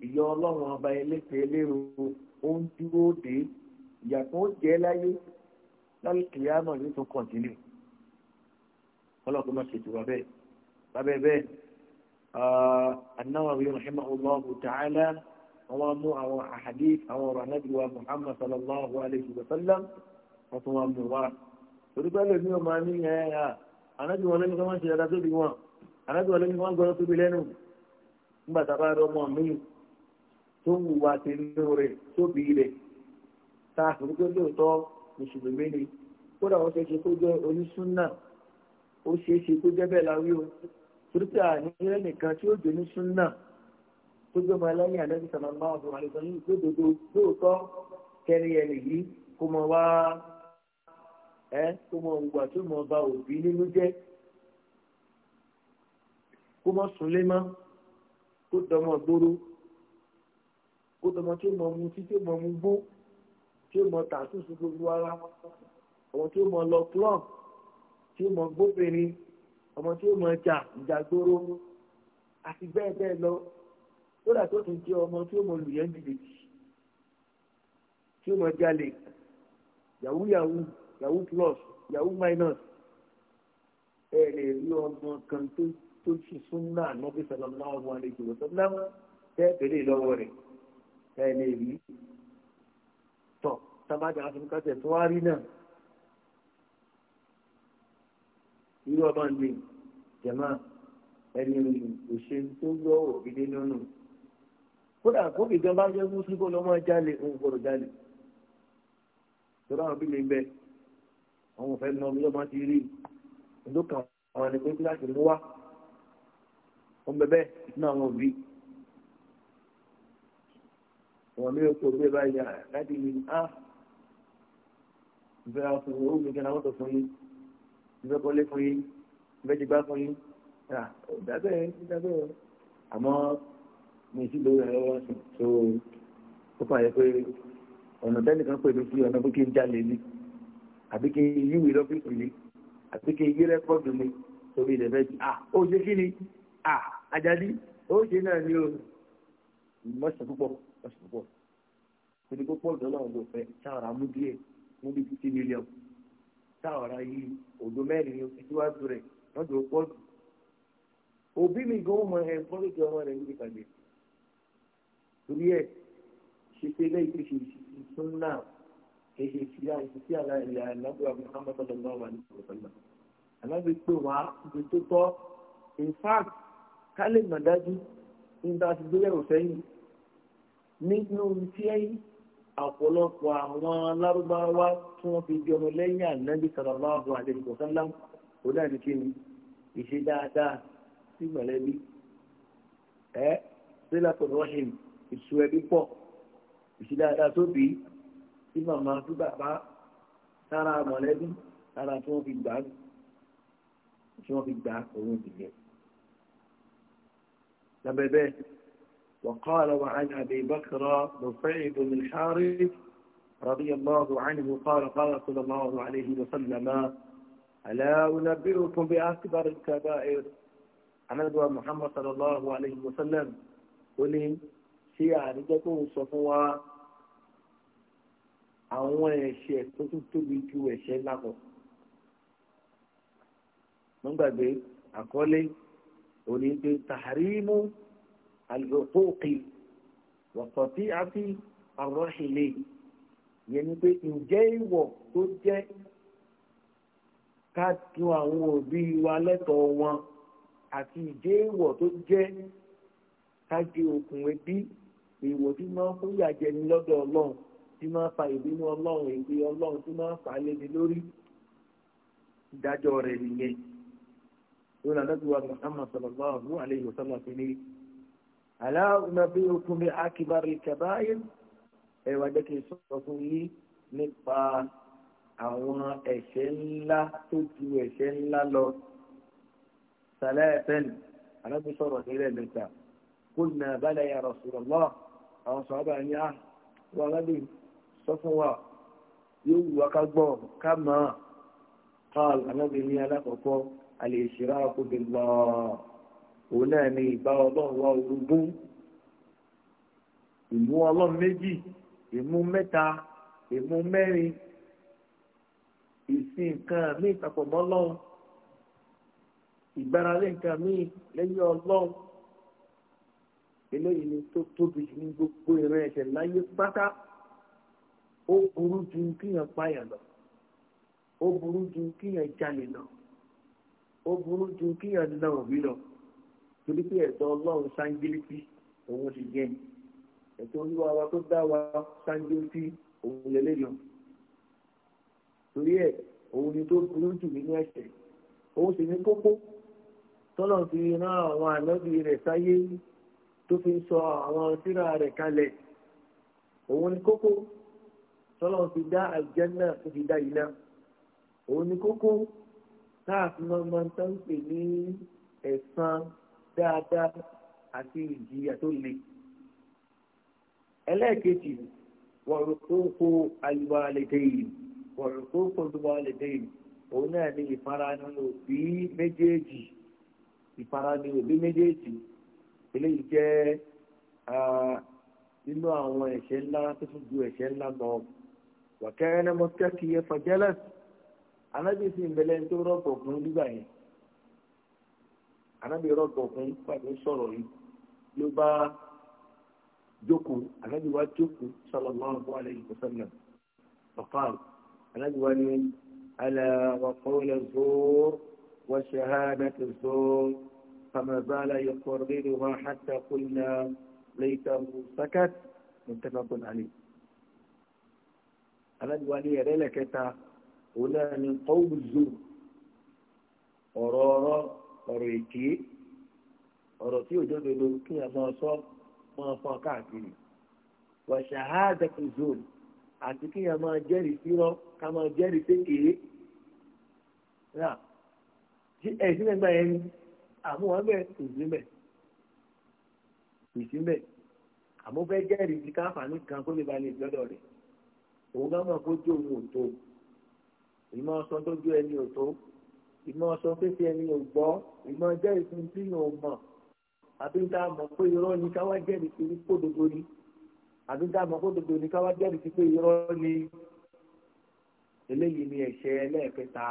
ìyá ọlọ́run ọba eléfèé lérò ó ń dúró dé ìyàtọ̀ ó jẹ́ láyé lálùkì àmọ̀ yóò tún kọ̀ǹtínú ọlọ́run máa ṣètò wa bẹ́ẹ̀ lábẹ́ bẹ́ẹ̀ anáwó rahimahullahu ta'ala àwọn mú àwọn ahadith àwọn ọ̀rọ̀ anábìwá muhammad sallallahu alayhi wa sallam wọ́n tún wá mú wa torí pẹ́lú mi ò máa ní ẹ̀ ẹ́ anábìwá lẹ́nu kí wọ́n ṣe dáadáa tóbi wọn anábìwá lẹ́nu kí wọ́n gbọ́dọ̀ tóbi lẹ́nu nígbà tá a bá rọ ọmọ mi tó wù wá sí inú rẹ̀ tóbi rẹ̀ tá a fòrúkọ lóòótọ́ mùsùlùmí ni kódà ó ṣeé ṣe kó jẹ́ onísúnà ó ṣeé ṣe kó jẹ́ bẹ́ẹ̀ láwí o torí pé àníyàn nìkan tí ó jẹ́ onísúnà tó gbé ọmọ ẹlẹ́yìn àlẹ́bí sàmàmà ọ̀dùn àlẹ́sàn yìí gbódòdó lóòótọ́ kẹrin ẹni yìí kó mọ wá ẹ kó mọ ògbà tó mọ ọba òbí nínú jẹ́ kó mọ sùn lé mọ́ kó dọmọ gbóró kó tọmọ tí ó mọ mu tí tí ó mọ mu gbó tí ó mọ tàtúnṣe gbogbo ara ọmọ tí ó mọ lọ club tí ó mọ gbóbìnrin ọmọ tí ó mọ jà ìjàgbóró àti bẹ́ẹ̀ bẹ́ẹ̀ lọ kódà tó tún jẹ́ ọmọ tí ó mọ lùyẹ́ jìbìtì tí ó mọ jalè yahoo yahoo yahoo plus yahoo minus ẹ lè rí ọmọ kan tó tó ṣì súnmọ́ ànábì sọlọ́mọ́ àwọn àlejò ọ̀sán náà tẹ́ tẹ́lẹ̀ lọ́wọ́ rẹ̀ ẹ lè rí tọ tábàdà àfikàtẹ tó wá rí náà irú ọba ń lè jẹmọ ẹni òṣèlú tó lọ òbídé nínú kódà kóbì gan bá jẹ mùsùlùmí kó lọmọ jálè òun gbọ́dọ̀ jálè tó bá wọn bí mi bẹ àwọn òfẹ náà bí ọmọ ti rí ìlú kan àwọn ẹni pé kíláàsì ló wá ọmọ bẹbẹ náà wọn rí wọn ní oko gbé báyìí à láti yìí á ìfẹ́ ọkùnrin ó gbé kí n àwọn tó fún yín ìfẹ́ kọ́lé fún yín ìfẹ́ jìgbá fún yín ah, dábẹ́ dábẹ́ àmọ́ mi sì lórí ẹ̀rọ wọn sùn tó ó fàyẹ pé ọ̀nà tẹ́nìkan pè mí sí ọ̀nà pé kí n jalè ní àbí kí n yíwì lọ́fíìsì ní àbí kí n yí rẹ́kọ́ọ̀dù mi torí ilẹ̀ bẹ́ẹ̀ ah ó ṣe kí ni ah àjàdí ó ṣe náà ni ó mọ̀ṣẹ̀ púpọ̀ pọ̀jù púpọ̀ torí pé pọ̀jù náà ló fẹ́ sáàrà mú díẹ̀ mú fifty million sáàrà yìí òdo mẹ́rin ni oṣù síwájú rẹ̀ wọ́n dúró pọ̀jù òbí mi gan mọ ẹ̀ fọ́n lójú ọmọ rẹ̀ níbi kàgbé torí ẹ̀ ṣe pé lẹ́yìn tó ṣe ìṣúná náà kì í ṣe ìṣúná ìṣúná ìyá ìlànà Muhammad sallallahu alaihi wa sallam àlábí pé wá ibi tó tọ́ in fact ká lè mọ̀ dájú nígbà tí gbéyàwó sẹ́yìn nínú tí ọ̀pọ̀lọpọ̀ àwọn lárúbáwá tí wọ́n fi jọmọ lẹ́yìn ànábì sallallahu alaihi wasallam kò dáàbí kí ni ìṣe dáadáa sí mọ̀lẹ́bí ẹ́ sílẹ̀ pẹ̀lú ọ̀hìn ìṣú ẹbí pọ̀ ìṣe dáadáa tó bí sí màmá sí bàbá sára mọ̀lẹ́bí sára tí wọ́n fi gbà tí wọ́n fi gbà òun ìdílé lábẹ́ bẹ́ẹ̀. وقال وعن أبي بكر نفيد بن الحارث رضي الله عنه قال قال صلى الله عليه وسلم ألا أنبئكم بأكبر الكبائر عن محمد صلى الله عليه وسلم قل ṣe àrídẹ́kùn sọ fún wa àwọn ẹ̀ṣẹ̀ tó tún tóbi ju ẹ̀ṣẹ̀ ńlá kan. àkọlé òní pé al-uquq wa qati'ati ar-rahilayn yẹn ni pé ǹjẹ́ ìwọ̀ tó jẹ́ ká tún àwọn òbí wa lẹ́tọ̀ọ́ wọn àti ìjẹ́ ìwọ̀ tó jẹ́ ká gé okùn ẹbí èèwọ̀ tí máa ń fún ìyàjẹni lọ́dọ̀ ọlọ́run tí máa ń fa ìbínú ọlọ́run èdè ọlọ́run tí máa ń fa léni lórí ìdájọ́ rẹ̀ nìyẹn. lórí àdájọ́ wa Muhammad sallallahu alayhi wa sallam fi ní ألا أنبئكم بأكبر الكبائر ẹ wá jẹ́ kí n sọ fún yín nípa àwọn ẹ̀ṣẹ̀ ńlá tó ju ẹ̀ṣẹ̀ ńlá lọ. sàlẹ̀ ẹ̀fẹ́n alábi sọ̀rọ̀ nílẹ̀ mẹ́ta kó nà bala ya Rasulullah àwọn sọ̀rọ̀ ní à ah, wọ́n alábi sọ fún wa yóò wù wá ká gbọ́ ká mọ̀ ọ́ alábi ní alákọ̀ọ́kọ́ al-ishraku billah òun náà ni ìbá ọlọ́run wá orogún ìmú ọlọ́run méjì ìmú mẹ́ta ìmú mẹ́rin ìsìn nǹkan míì papọ̀ mọ́ ọlọ́run ìgbáralé nǹkan míì lẹ́yìn ọlọ́run eléyìí ni tó tóbi ní gbogbo ìran ẹ̀ṣẹ̀ láyé pátá ó burú ju kíyàn pààyàn lọ ó burú ju kíyàn jalè lọ ó burú ju kíyàn na òbí lọ torí pé ẹ̀tọ́ ọlọ́run sángílítì òun ti jẹ́ ẹ̀tọ́ olúwa wa tó dá wa sángílítì òun lélẹ́yọ̀ torí ẹ̀ òun ni tó burú jù nínú ẹ̀ṣẹ̀ òun sì ní kókó tọ́lọ̀ fi rán àwọn ànábì rẹ̀ sáyé tó fi sọ àwọn síra rẹ̀ kalẹ̀ òun ni kókó tọ́lọ̀ fi dá àlùjánnà tó fi dá iná òun ni kókó táà fi máa máa tán pè ní ẹ̀san dáadáa àti ìjìyà tó le ẹlẹ́ẹ̀kejì wọ̀rùkókò alùwàlẹ̀dẹ́yìn wọ̀rùkókò alùwàlẹ̀dẹ́yìn òun náà ní ìfarani òbí méjèèjì ìfarani òbí méjèèjì eléyìí jẹ́ nínú àwọn ẹ̀ṣẹ̀ ńlá tó tún ju ẹ̀ṣẹ̀ ńlá lọ wàkẹ́rẹ́ náà mọ́tẹ́kì yẹn fọjẹ́lẹ̀ anábìsí ìbẹ̀lẹ̀ tó rọ̀pọ̀ fún nígbà yẹn. anábì rọgbọ fún pàdé sọ̀rọ̀ yìí ló bá jókòó anábì wá jókòó sallallahu alaihi wasallam faqal anábì wá ní ala wa qawla zur wa shahadati zur fama zala yuqarriruha hatta qulna laytahu sakat muttafaqun ali anábì wá ní ẹrẹ lẹkẹta òun náà ní qawlu zur ọ̀rọ̀ ọ̀rọ̀. ọ̀rọ̀ èké ọ̀rọ̀ tí òjò dodo kí ẹ máa sọ máa fọn káàkiri wàṣàhádẹ́kù zone àti kí ẹ máa jẹ́rìí sírọ́ ká máa jẹ́rìí sékèé náà ẹ̀sìn mẹ́gbà yẹn ni àmúwọ̀n bẹ́ẹ̀ kò sí mẹ́ kò sí mẹ́ àmọ́ fẹ́ jẹ́rìí ti káfàánì kan kó lè ba lè gbọ́dọ̀ rẹ̀ òun gbọ́dọ̀ kó jó òun ò tó ìmọ̀ ọ̀sán ẹni ò tó ìmọ̀ sọ pé tí ẹni ò gbọ́ ìmọ̀ jẹ́ ìpín tí yóò mọ̀ àbí tá a mọ̀ pé irọ́ ni káwá jẹ́rìí sí kódodo ni àbí tá a mọ̀ kódodo ni káwá jẹ́rìí sí pé irọ́ ni eléyìí ni ẹ̀ṣẹ̀ ẹlẹ́ẹ̀kẹta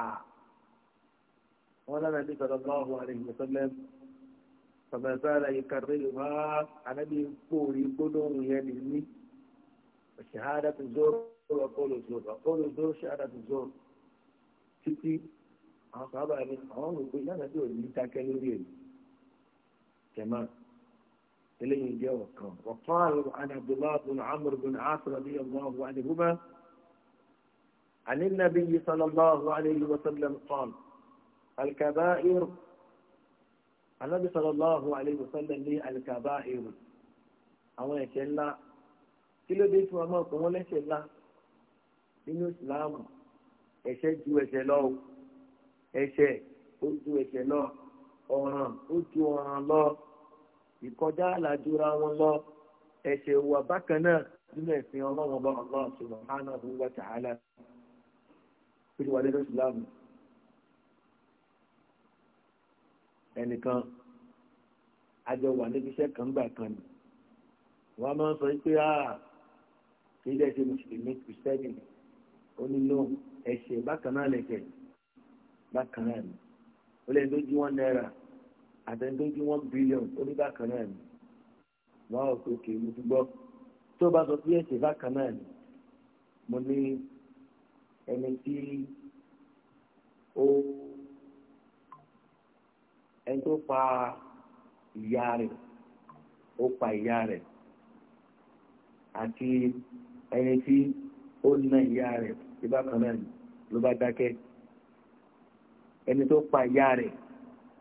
wọn lára ní sọ̀rọ̀ bá ọ̀hún àrẹ ìgbésọ́lẹ̀ sọ̀bẹ̀sọ̀rọ̀ ìkàrẹ́ ìwá anábì kóòrí gbólóhùn yẹn ní ní ṣahada tó zóró ọkọ̀ lòzóró ọkọ̀ lòzóró ṣahada tó zóró títí àwọn sábà ní àwọn rò pé ìlànà tí ò ní dákẹ́ lórí èyí tẹ̀mọ́ eléyìí jẹ́ ọ̀kan wọ́pọ̀n عن عبد الله بن عمرو بن عاص رضي الله عنهما عن النبي صلى الله عليه وسلم قال الكبائر النبي صلى الله عليه وسلم لي الكبائر àwọn ẹ̀ṣẹ̀ ńlá kí ló dé tí wọ́n máa kọ́ wọ́n lẹ́ṣẹ̀ ńlá nínú ìsìláàmù ẹ̀ṣẹ̀ ju ẹ̀ṣẹ̀ lọ́wọ́ ẹ̀ṣẹ̀ ó ju ẹ̀ṣẹ̀ lọ ọ̀ràn ó ju ọ̀ràn lọ ìkọjá àlàjúra wọn lọ ẹ̀ṣẹ̀ wà bákan náà nínú ẹ̀sìn ọlọ́run bá Allah subhanahu wa ta'ala pẹ̀lú wàlẹ́ lọ́sùn láàmù ẹnìkan àjọ wà níbi iṣẹ́ kan gbà kan ni wọ́n máa ń sọ pé a kì í mùsùlùmí kìrìsìtẹ́nì ó ní bákan náà lẹ̀ṣẹ̀ bákan náà ni ó lè dójú wọn náírà àtẹnudójú wọn bílíọ̀n ó ní bákan náà ni wọn ò tó kè é mo ti gbọ́ tó o bá sọ pé ẹ̀sìn bákan náà ni mo ní ẹni tí ó ẹni tó pa ìyá rẹ̀ ó pa ìyá rẹ̀ àti ẹni tí ó na ìyá rẹ̀ ìbákan náà ni ló bá dákẹ́ ẹni tó pa ìyá rẹ̀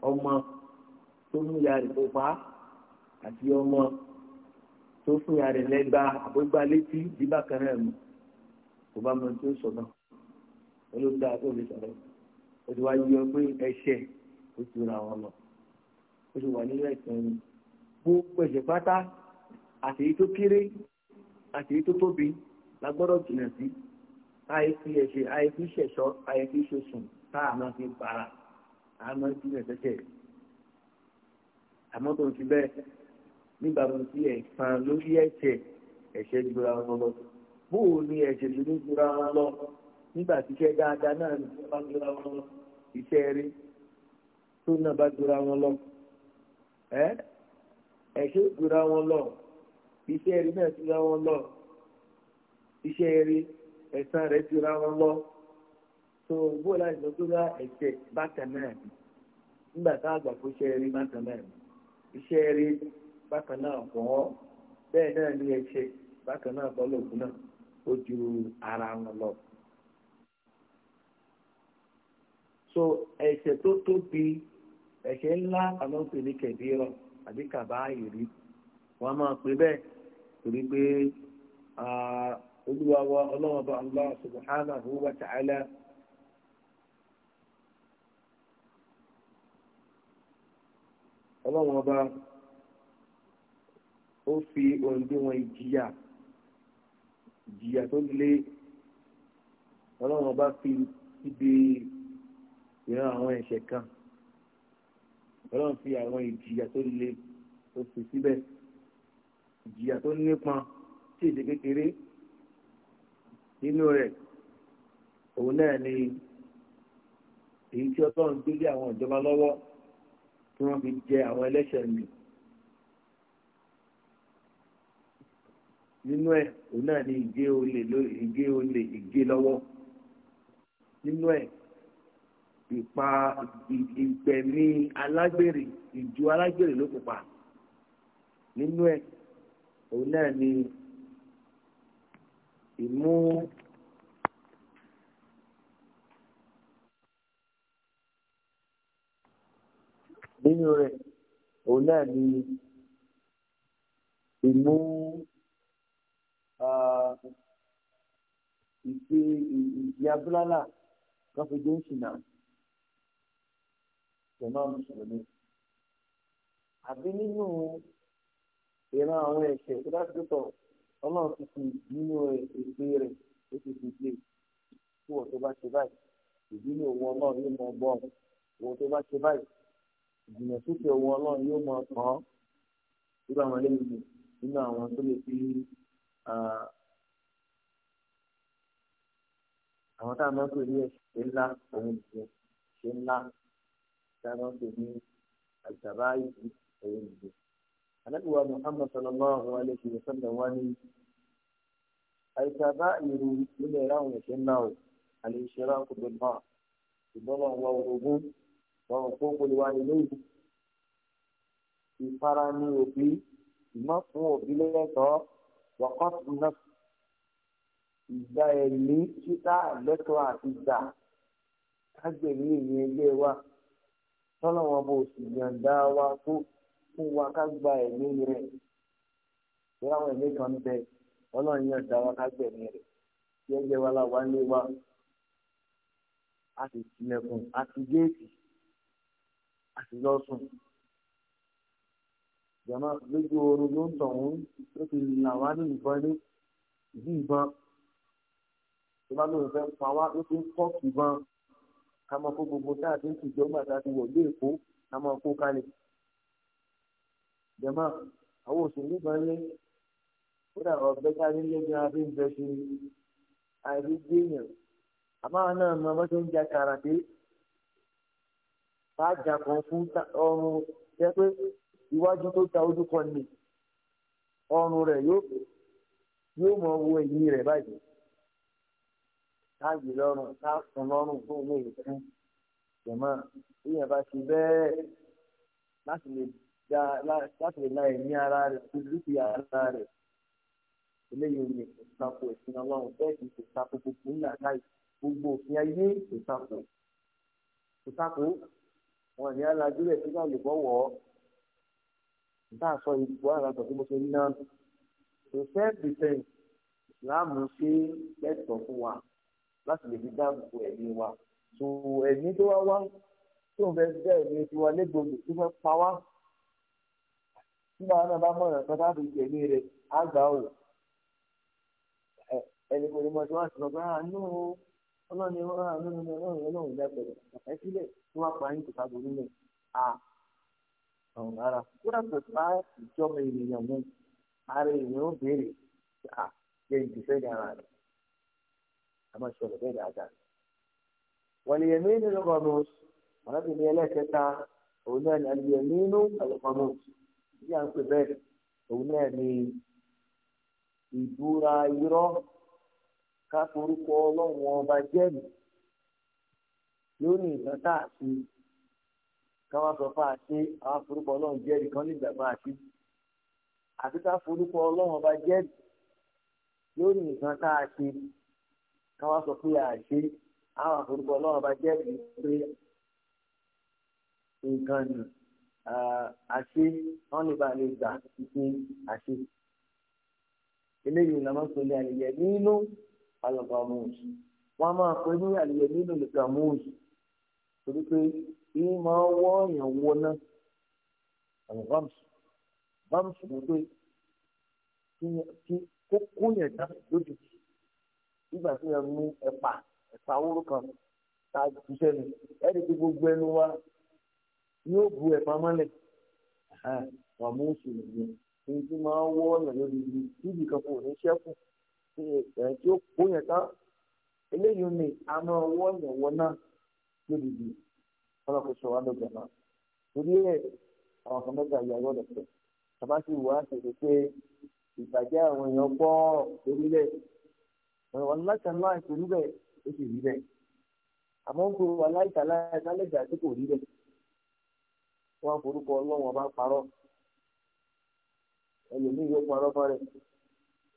ọmọ tó mú ìyá rẹ̀ tó pa àti ọmọ tó fún ìyá rẹ̀ lẹ́gba àbógbá létí bíbá kan náà mu kò bá mọ tí ó sọ náà olóòtú àti olùsọ̀rọ̀ ó ti wá yí ọ pé ẹ̀ṣẹ̀ ó ti ra wọn lọ ó ti wà nínú ẹ̀sìn ẹni gbogbo ẹ̀ṣẹ̀ pátá àtèyí tó kéré àtèyí tó tóbi la gbọ́dọ̀ jìnnà sí àyè fi ẹ̀ṣẹ̀ àyè fi ṣẹ̀ṣọ́ àyè fi ṣoṣùn. tá a máa fi para a máa fi rẹ̀ àmọ́ tó ń fi bẹ́ẹ̀ nígbà tó ń fi ẹ̀sán lórí ẹ̀ṣẹ̀ ẹ̀ṣẹ̀ jura wọn lọ bóò ni ẹ̀ṣẹ̀ wọn lọ nígbà tí iṣẹ́ dáadáa náà ní wọn lọ iṣẹ́ tó náà bá wọn lọ ẹ̀ṣẹ̀ wọn wọn lọ iṣẹ́ rẹ̀ wọn lọ. so bó láti ẹ̀jẹ̀ bákan náà nígbà tá a gbà pé iṣẹ́ rí bákan náà iṣẹ́ rí bákan náà kọ́ bẹ́ẹ̀ náà ní ara wọn so ẹ̀ṣẹ̀ tó tóbi ẹ̀ṣẹ̀ ńlá àwọn pè ní kẹ̀bírọ̀ àbí kàbá ìrí wọn máa pè bẹ́ẹ̀ torí pé ah, olúwa wa ọlọ́wọ́ bá ọlọ́run ọba ó fi òǹdé wọn ìjìyà ìjìyà tó lé ọlọ́run ọba fi síbi ìran àwọn ẹ̀ṣẹ̀ kan ọlọ́run fi àwọn ìjìyà tó le tó fi síbẹ̀ ìjìyà tó nípọn tí èdè kékeré nínú rẹ̀ òun náà ni èyí tí ọlọ́run gbélé àwọn ìjọba lọ́wọ́ tí wọ́n fi jẹ àwọn ẹlẹ́ṣẹ̀ mi. nínú ẹ̀ òun náà ni ìgé olè ìgé olè ìgé lọ́wọ́ nínú ẹ̀ ìpa ìgbẹ̀mí alágbèrè ìjù alágbèrè ló kópa nínú ẹ̀ òun náà ni ìmú nínú rẹ̀ òun náà ni ìmú ìṣe ìyàbúlálà kan fi dé ìṣìnà ìṣẹ̀mọ́ mùsùlùmí àbí nínú ìran àwọn ẹ̀ṣẹ̀ tó dájú tó tọ̀ ọlọ́run ti fi nínú ìpè rẹ̀ ó ti fi gbé kí wọ́n bá ṣe báyìí ìdí ni òun ọlọ́run yóò mọ ọgbọ́n òun tó bá ṣe báyìí ìjìnà sókè ohun ọlọ́run yóò máa kàn án nígbà wọn lé nìyí nínú àwọn tó lè fi àwọn tá a máa ń pè ní ẹ̀ṣẹ̀ ńlá òun nìyẹn ẹ̀ṣẹ̀ ńlá tá a máa ń pè ní àjàbá ìlú òun nìyẹn. anábìwá Muhammad sallallahu alayhi wa sallam wá ní àìsàbá ìlú nílẹ̀ ìráhùn ẹ̀ṣẹ̀ ńlá o àlè ìṣẹ́ra kò bẹ̀rẹ̀ náà ìbọ́lọ̀ wà orogún wọn ò kókó lè wá nílé yìí ìfara ní òbí ìmọ̀ fún òbí lẹ́tọ̀ọ́ wọ́kọ́tù náà ìgbà ẹ̀mí títà lẹ́tọ̀ọ́ àti ìgbà kágbẹ̀mí ìyẹn ẹgbẹ́ wa tọ́lọ́wọ́n bó sì yàǹda wa tó fún wa ká gba ẹ̀mí rẹ̀ ìyá àwọn ẹ̀mí kan bẹ ọlọ́run yàǹda wa ká gbẹ̀mí rẹ̀ yẹ́gbẹ́ wa la wà ní wa a sì tilẹ̀kùn àti géètì àti lọ sùn jama lójú oorun ló ń tàn wọn ló ti là wá ní ìbọn ní ìdí ìbọn tó bá lóun fẹ́ pa wá ló ti ń kọ́ ìbọn ká máa kó gbogbo tá a ti ń tìjọ́ gbà tá a ti wọ̀ lé èkó ká máa kó kalẹ̀ jama àwọn òṣèlú kan ní kódà ọ̀gbẹ́ tá a ní lẹ́gbẹ̀ẹ́ a fi ń bẹ sí i àìrí gbé èèyàn àbáwọn náà mọ bó ṣe ń ja kàràdé táàjà kan fún ọrùn jẹ́ pé iwájú tó ta ojú kan nì ọrùn rẹ̀ yóò yóò mọ wo èyí rẹ̀ báyìí táàgì lọ́rùn táàkùn lọ́rùn tó wé fún jẹ̀mọ́ ìyẹn bá ti bẹ́ẹ̀ láti lè dá láti lè la ẹ̀mí ara rẹ̀ tó dúkìá ara rẹ̀ eléyìí ni ìsapò ìsìn ọlọ́run bẹ́ẹ̀ kì í ṣe ìsapò gbogbo ńlá láì gbogbo òfin ayé ìsapò ìsapò wọn ní alájú rẹ̀ tí náà lè bọ́wọ́ nígbà sọ ìdìbò àràtọ̀ tí mo ṣe ná to self defence islam ṣe lẹ́tọ̀ fún wa láti lè fi dáàbò ẹ̀mí wa tó ẹ̀mí tó wá wá tó ń fẹ́ bẹ́ ẹ̀mí tí wa légbodò tó fẹ́ pa wá nígbà náà bá mọ̀ràn kan táàbù ẹ̀mí rẹ̀ á gbà ó ẹnì kò ní mọ̀ tí wọ́n ti sọ pé àánú ah, o ọlọ́run ni wọ́n rán nínú ọlọ́run ọlọ́run lẹ́pẹ̀rẹ̀ ẹ sílẹ̀ tí wọ́n pa yín kò sábò nílẹ̀ à ọ̀run rárá kódà kò bá ìjọba ènìyàn mú ara ènìyàn ó béèrè à jẹ́ ìdìfẹ́ ní ara rẹ̀ a máa ṣọ̀rọ̀ bẹ́ẹ̀ dáadáa. wọ́n yẹ mí nínú ọmọ ọ̀rẹ́bìnrin ẹlẹ́kẹta òun náà ní alẹ́ nínú ọmọ bí à ká forúkọ ọlọ́run ọba jẹ́rìí yóò ní ìtàn tá a ṣe ká wá sọ fún àṣe àwọn forúkọ ọlọ́run jẹ́rìí kan nígbàgbọ́ àṣe àti ká forúkọ ọlọ́run ọba jẹ́rìí yóò ní ìtàn tá a ṣe sọ pé àṣe àwọn forúkọ ọlọ́run ọba jẹ́rìí pé nǹkan ni àṣe wọn lè ba lè gbà pé àṣe eléyìí làwọn sọ ní àyẹ̀yẹ̀ nínú alagamus wọ́n máa pè ní àlìyẹ̀mínú lagamus torí pé yìí máa wọ́ èèyàn wọná alagamus bámsù ni pé kí kókó yẹn dá lójijì nígbà tí wọ́n mú ẹ̀pà ẹ̀pà wúrú kan ta jíṣẹ́ ni ẹ̀rí tí gbogbo ẹnu wa yóò bu ẹ̀pà mọ́lẹ̀ wàmúùsù nìyẹn èyí tí máa wọ́ ọ̀nà lórí ibi kan kò ní ṣẹ́kù ẹ̀ tí ó kó yẹn tán eléyìí ni a máa wọ́ ìyàwó náà lódìdí ọlọ́kùnrin sọ wá lọ́gbà náà torí ẹ̀ àwọn kan mẹ́ta ìyá ìwọ́dọ̀ pẹ̀ bàbá sì wá ṣètò pé ìbàjẹ́ àwọn èèyàn pọ̀ lórílẹ̀ ọ̀rọ̀ láta náà àìkú níbẹ̀ ó sì rí bẹ́ẹ̀ àmọ́ ń kúrò aláìta aláìta tí kò rí bẹ́ẹ̀ wọ́n forúkọ ọlọ́wọ́n bá parọ́ ẹlòmíì yóò parọ́ fún rẹ̀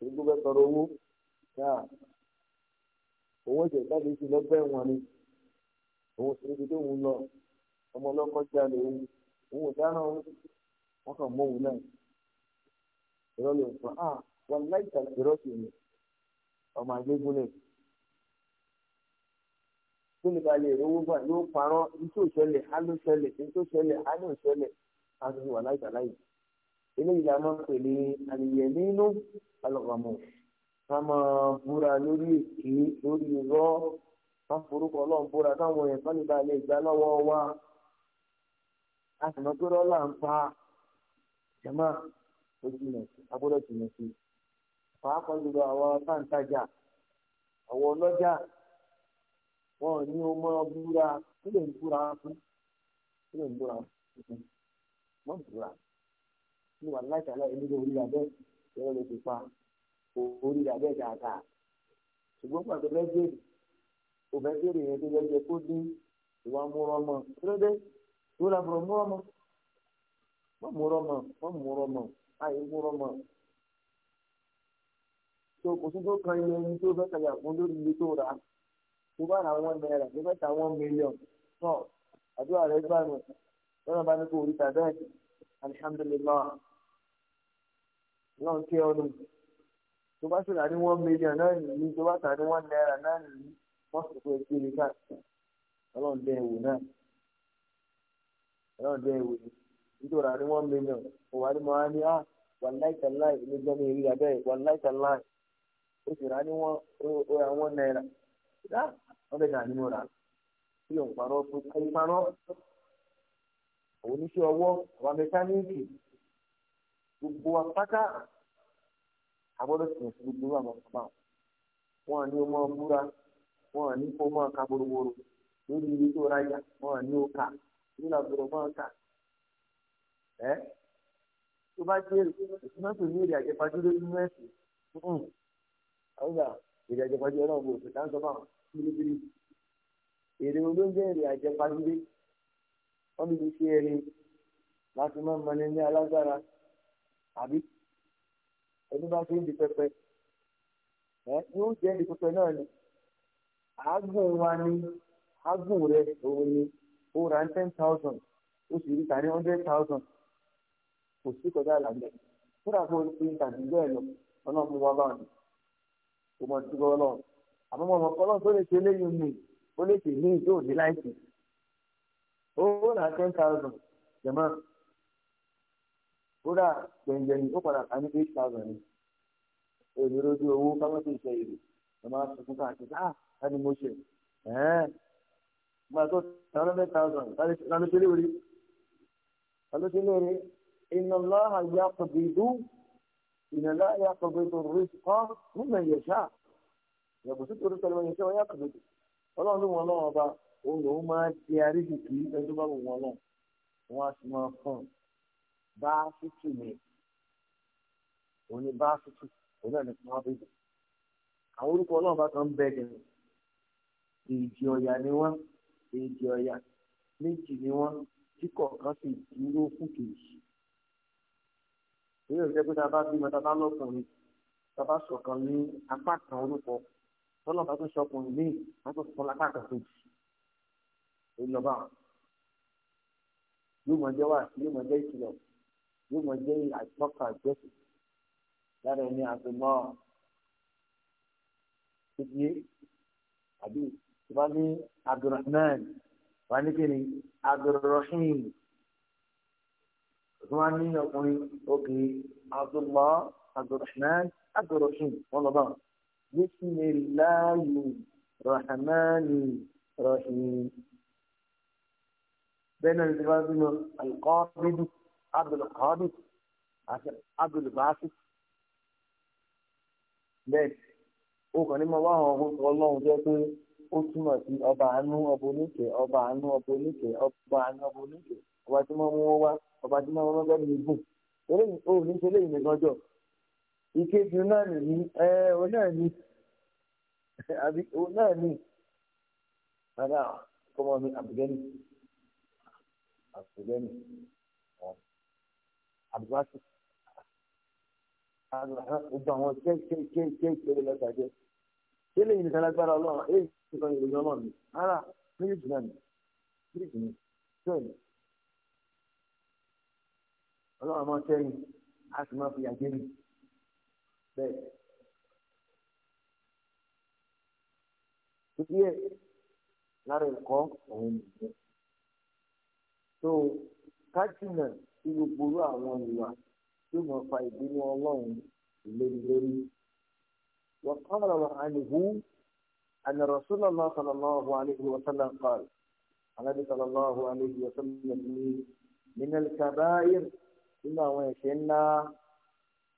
èyí tó tọrọ owó náà òun ṣe ìtàgé sí lọ́gbà ẹ̀wọ̀n ni òun sì níbi tó ń lọ ọmọ ọlọ́kọ jalè òun òun ò dáná òun wọn kàn mọ òun náà ìrọ̀ lè fún ah wọn láì tà ìrọ̀ sí mi ọmọ agbégún ni kí ni ba lè rówó gbà yóò parọ́ nítorí òṣẹlẹ̀ á ló ṣẹlẹ̀ nítorí òṣẹlẹ̀ á ní òṣẹlẹ̀ á ti wà láì tà láì eléyìí la máa ń pè ní àlìyẹ nínú alọ́gbàmọ́. ká máa búra lórí èké lórí irọ́ ká forúkọ ọlọ́run búra káwọn èèyàn kan ilé ìgbà lọ́wọ́ wa a sì mọ̀ pé ń pa sí pàápàá jùlọ àwọn àwọn ọlọ́jà wọn ní o mọ búra kí lè ń búra fún kí lè ń búra fún búra orí rẹ̀ abẹ́ dáadáa ṣùgbọ́n pàtó fẹ́ bèrè kò fẹ́ bèrè yẹn tó yẹ jẹ kó dín ìwà múrọ́mọ́ kílódé tó làbúrò múrọ́mọ́ wọ́n múrọ́mọ́ wọ́n múrọ́mọ́ àyè múrọ́mọ́ tó kò sí tó kan iye ẹni tó fẹ́ kàyà fún lórí iye tó rà tó bá ra wọn náírà tó fẹ́ ta wọn mílíọ̀n tó àdúrà rẹ̀ gbà nù lọ́nà bá ní kó orí tàbẹ́ẹ̀ alihamdulilayi náà kí tó bá sì rà ní one million náà nìyí tó bá naira náà nìyí wọ́n sì fún ekiri káàkiri ọlọ́run dẹ ìwò náà ọlọ́run dẹ ìwò yìí nítorí rà ní one million òwà ni mo á ní à wàláì tàláì ní gbọ́dọ̀ ah, èrí abẹ́ wàláì tàláì ó sì rà naira dá wọ́n bẹ̀ náà ní rà kí parọ́ a gbọ́dọ̀ sì sí gbogbo àwọn ọmọ báwọn wọn ní o máa búra wọn ní kó máa ka boroboro lórí ibi tó rajà wọn ní o kà nílà bọ̀rọ̀ máa kà ẹ́ tó bá jẹ́ ìsúnáṣọ ní èrè àjẹpájú lórí mẹ́sì hmm. ọ̀gá èrè àjẹpájú ọlọ́run kò sì ká ń sọ báwọn kirikiri èrè olóńgbé èrè àjẹpájú lé wọn níbi iṣẹ́ ẹni láti máa ń mọ ní alágbára àbí ẹni bá fi ń di pẹpẹ ẹ yóò jẹ di pẹpẹ náà ni àágùn wa ni àágùn rẹ òun ni ó ra ten thousand ó sì rí ta hundred thousand kò sí kọjá àlàyé fúnra kó o tàbí bẹ́ẹ̀ lọ ọlọ́run mú wa bá wọn kò mọ̀ sí gbọ́ lọ́wọ́ àmọ́ mọ̀ ọlọ́run tó lè ṣe eléyìí mi ó lè ṣe ní ìjó òní láìsí ó rà ten thousand jẹ̀mọ́ kódà gbẹ̀ngbẹ̀ni ó padà ká ní eight thousand ní èròjú owó kámọ́tì ìṣe èrè ẹ máa sunkún káàkiri ah ká ni mo ṣe ẹ̀ẹ́n gba tó one hundred thousand ká ló tẹ́lẹ̀ rí ká ló tẹ́lẹ̀ rí iná láhà ya kọ̀bìdú iná láhà ya kọ̀bìdú rí kọ́ nígbà yẹ̀ṣà yàgò sí torí sọ̀rọ̀ yẹ̀ṣà wọn ya kọ̀bìdú ọlọ́run ló wọn lọ́wọ́ ọba òun lòún máa di arísìkì ẹni tó bá wù wọn náà wọn á sì máa fún báásítì ni òní báásítì òní àti pàápàá àwọn orúkọ náà bá kan bẹ ni èjì ọ̀yà ni wọ́n èjì ọ̀yà méjì ni wọ́n tí kọ̀ọ̀kan sì dúró fún kejì èyí ò jẹ́ pé tá a bá bímọ tá a bá lọ́kùnrin tá a bá sọ̀kan ní apá kan orúkọ tọ́lọ́ bá tún sọkùnrin míì wọ́n fún lápá kan kejì èyí lọ́ba yóò mọ̀ jẹ́ wá yóò mọ̀ jẹ́ ìkìlọ̀ yóò mọ jẹ́ àtọ́ka àjọsìn lára ẹni àtúmọ̀ ìdíyé àbí tó bá ní Abdulrahman wà ní kíni Abdulrahim tó bá ní ọkùnrin òkè Abdullah Abdulrahman Abdulrahim wọn lọ bá wọn. Bismillah Rahman Rahim. Bẹ́ẹ̀ náà ni tó bá Abdul Qabit àti Abdul Basit o kàn ní mo wá àwọn jẹ́ pé ó túmọ̀ sí ọba àánú ọbụ oníkè ọba àánú ọba oníkè ọba àánú ọba oníkè ọba tí wọ́n mú wọn wá àdùbásí gbogbo àwọn kéékèèké lọ́gbàjẹ́ ṣé lè yìnbọn alágbára ọlọ́run èyí ti sọ ìròyìn ọlọ́run mi ara méjèèjì náà ni méjèèjì ni tó yẹ ọlọ́run máa tẹ́yìn a sì máa fi àjẹ́ mi bẹ́ẹ̀. Ibi ẹ̀ lára ẹ̀kọ́ òun nìyẹn. So kájínà tí gbogbo irú àwọn ìwà tí ó mọ̀ fa ìbínú ọlọ́run lórí lórí. وقال عنه أن رسول الله صلى الله عليه وسلم قال النبي صلى الله عليه وسلم من الكبائر إلا ويشنا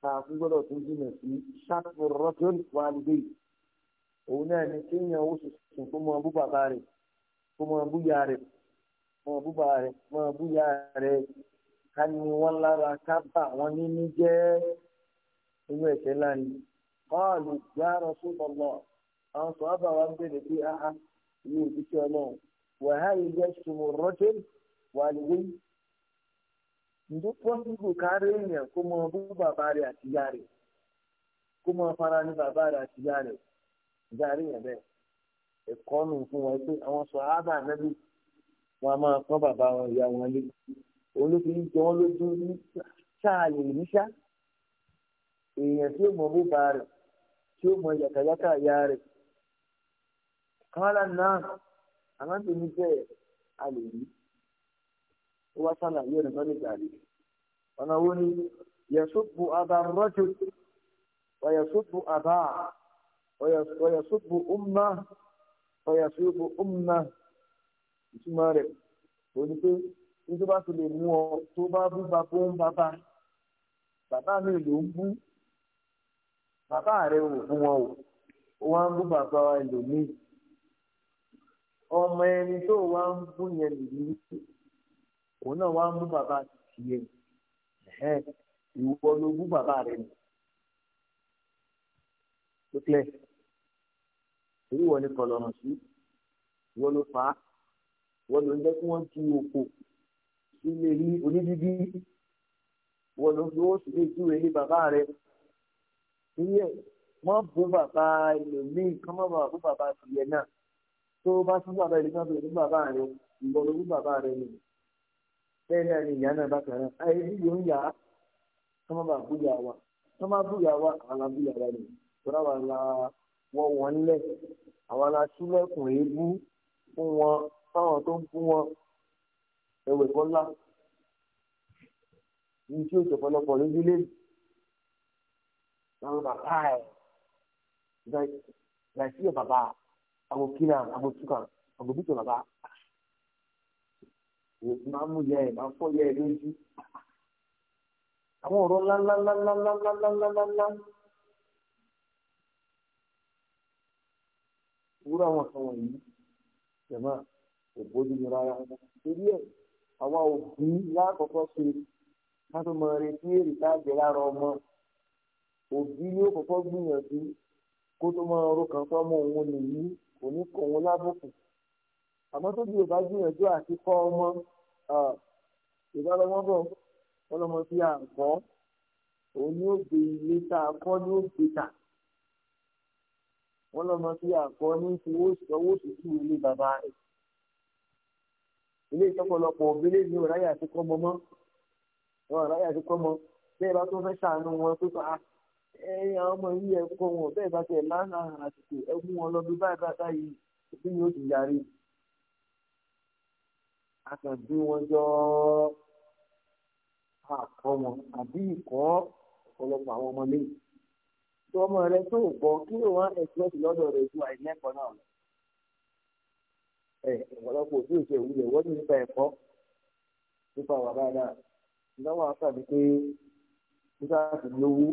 تعطي ولو تنجم في شطب الرجل والديه òun náà ni kéèyàn ó sùn kó máa bú rẹ̀ kó máa bú rẹ̀ máa bú bàbá rẹ̀ máa bú ìyá rẹ̀ ká ní wọn lára ká bà wọn nínú jẹ́ inú ẹ̀ṣẹ̀ ni kọ́ọ̀lù yá rọṣù lọ́lọ́ àwọn sọ ábà wa ń bèrè pé áhà ìlú òjíṣẹ́ ọlọ́run wàhálì jẹ́ ṣùgbọ́n rọ́jẹ́ wàlúwé ǹjẹ́ pọ́sibù kárí èèyàn kó mọ bú bàbá kó mọ fara ní bàbá rẹ̀ àti ìyá yẹn nù fún wọn máa bàbá wọn ìyá wọn òun ló fi ń jẹ wọ́n lójú ní sáà lè níṣá èèyàn tí ó mọ bóbá rẹ̀ tí ó mọ yàkàyàkà ya rẹ̀ kọ́lá náà àmọ́ tó ní bẹ́ẹ̀ a lè rí ó wá sálàyé rẹ̀ lọ́lẹ̀ gàrí ọ̀nà wo ni yẹ̀sùpù àbá rọ́jò ọ̀yẹ̀sùpù àbá ọ̀yẹ̀sùpù umma ọ̀yẹ̀sùpù umma ìtumọ̀ rẹ̀ òní pé ní tó bá fi lè mú ọ tó bá bú bàbá ń bàbá bàbá mi ló ń bú bàbá rẹ ò fún wọn o wá ń bú bàbá ẹlòmíì ọmọ ẹni tó wá ń bú yẹn nìyí òun náà wá ń bú bàbá tiẹ̀ ìwọ ló bú bàbá rẹ nù tó tilẹ̀ èyí wọlé kọlọ̀rọ̀ sí wọ́n ló fà á wọ́n ló ń jẹ́ kí wọ́n ju oko ilé rí onídídí wọ́n ló fi owó sílé ìjúwe ní bàbá rẹ̀ níyẹ wọ́n bú bàbá ẹlòmíì kán mọ́ bàbá bú bàbá tìyẹ náà tó bá tún bàbá ẹlòmíì kan tó bú bàbá rẹ̀ ìwọ ló bú bàbá rẹ̀ nìyẹn bẹ́ẹ̀ náà ni ìyá náà bá kàn án ayé nílò ń yá kán mọ́ bàbá bú yà wá kán má bú yà wá àlà bú yà wá nìyẹn tó rà wà la wọ́ wọn lẹ̀ àwọn aṣúlẹ̀kùn èébú fún wọn fáwọn tó ń fún wọn ẹwẹ̀ kọ́lá ní tí ó ṣọ̀pọ̀lọpọ̀ lójú lẹ́yìn àwọn bàbá ẹ̀ láìsí ẹ̀ bàbá àwọn kíra àwọn túkà àwọn bíkọ bàbá máa mú yẹ ẹ̀ máa fọ́ yẹ ẹ̀ lójú àwọn ọ̀rọ̀ ńláńláńláńláńláńláńláńlá wúrọ̀ àwọn kan wọ̀nyí jẹ̀mọ́ kò bójú mi rárá torí ẹ̀ àwọn òbí lákọ̀ọ́kọ́ ṣe ká tó mọ retí èrè táàgbé lára ọmọ òbí yóò kọ́kọ́ gbìyànjú kó tó mọ ọ̀rọ̀ kan fọ́mọ òun nìyí kò ní kọ òun lábùkù àmọ́ tó bí yorùbá gbìyànjú àti kọ́ ọmọ ìbálòmọ́ bọ̀ ọlọ́mọ tí a kọ́ òun ni ó gbé ilé tá a kọ́ ni ó gbé tà wọ́n lọ́mọ tí a kọ́ ní owó ìṣòwò tútù ilé bàbá rẹ̀ ilé ìtọ́pọ̀lọpọ̀ obìnrin ní ọ̀ráyà ti kọ́ mọ́ mọ́ ọ̀ráyà ti kọ́ mọ́ bẹ́ẹ̀ bá tó fẹ́ ṣàánú wọn tó ta ah, ẹ̀yìn àwọn ọmọ yìí ẹ̀ kọ́ wọn bẹ́ẹ̀ bá tẹ̀ lánàá àsìkò ẹ̀ mú wọn lọ́dún báyìí báyìí bí yóò ti yarí a kàn bí wọn jọ àkọ́ wọn àbí ìkọ́ ọ̀pọ̀lọpọ̀ àwọn ọmọ lẹ́yìn tí ọmọ rẹ tó kọ́ kí ló wá ẹ̀sìn lọ́dọ̀ rẹ̀ ju àìlẹ́kọ̀ọ́ náà lọ ẹ ọ̀pọ̀lọpọ̀ òbí òṣè òwú yẹ̀ wọ́n ní nípa ẹ̀kọ́ nípa wà dáadáa ìdáwọ́ àṣà ni pé ó sáàtì lówó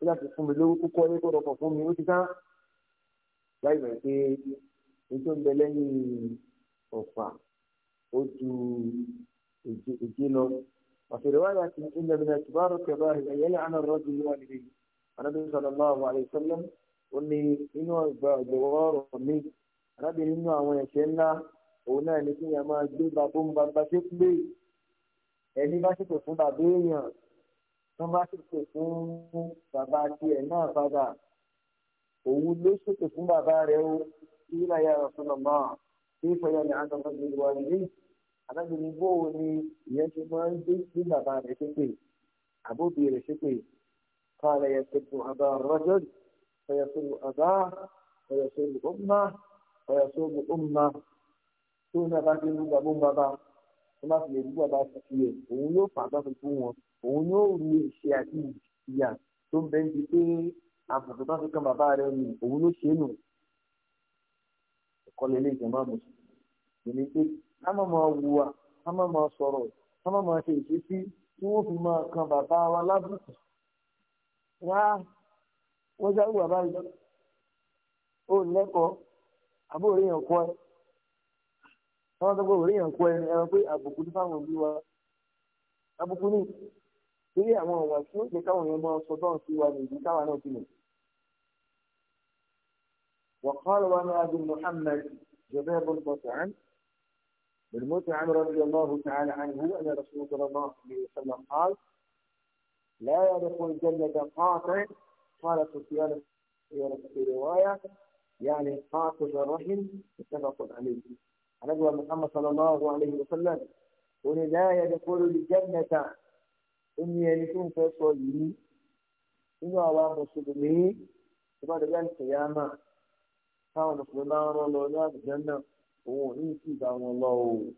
ó sáàtì fún mi lówó púpọ̀ ní kódọ̀ kan fún mi ó ti tán láì bẹ̀rẹ̀ pé èyí tó ń bẹ lẹ́yìn ọ̀pá ó ju èjì lọ. وفي رواية إن من كبار الكبائر أن يلعن الرجل والديه النبي صلى الله عليه وسلم ó ní inú ọgbà ọgbọ̀wọ́rọ̀ mi rábì nínú àwọn ẹ̀ṣẹ̀ ńlá òun náà ni kí èèyàn máa gbé babó ń bàbá ṣe pé ẹni bá ṣètò fún bàbá èèyàn tó bá ṣètò fún bàbá tiẹ̀ náà padà òun ló ṣètò fún bàbá rẹ̀ o kí láyà Rasulullah kí fọyà ní àtọkọ̀tì ìwà ìlú àtàkùnrin bóò ni ìyẹn ṣe máa ń gbé bí bàbá rẹ̀ ṣe pé àbóbi rẹ̀ ṣe pé قال يسب أبا الرجل فيسب أباه ويسب أمه ويصوم أمة tóun náà bá ti ń gbà bó ń bàbá tó bá fi lè rú bàbá tuntun yẹ òun yóò fà bá tuntun wọn òun yóò rí ìṣe àti ìyà tó ń bẹ ń di pé àbùkù tó fi kan bàbá rẹ ni òun ló ṣe é nù ẹ̀kọ́ lélẹ̀ ìjọba mùsùlùmí ìní pé ká má máa wùwà ká má máa sọ̀rọ̀ ká má máa ṣe ìṣesí tí wọ́n fi máa kan bàbá wa lábùkù rárá wọ́n já wù bàbá yìí ó lẹ́kọ̀ọ́. àbúrò yẹn kọ́ ẹ wọn pé àbùkù òbí wa àbùkù ní torí àwọn ọ̀wà tí ó jẹ káwọn yẹn máa sọ bọ́ọ̀ sí ti o kawon yen maa so si wa naa ti وقال وانا ابي محمد جبير بن بطعان بن مطعم رضي الله تعالى عنه ان رسول الله صلى الله عليه وسلم قال لا يدخل الجنه قاطع قال سفيان في روايه يعني قاطب الرحم متفق عليه عن أبو محمد صلى الله عليه وسلم قل لا يدخل الجنة إن يلكم فيصلي إن الله مسلمين بعد ذلك القيامة فهو مسلمان الله الجنة وإن كيد الله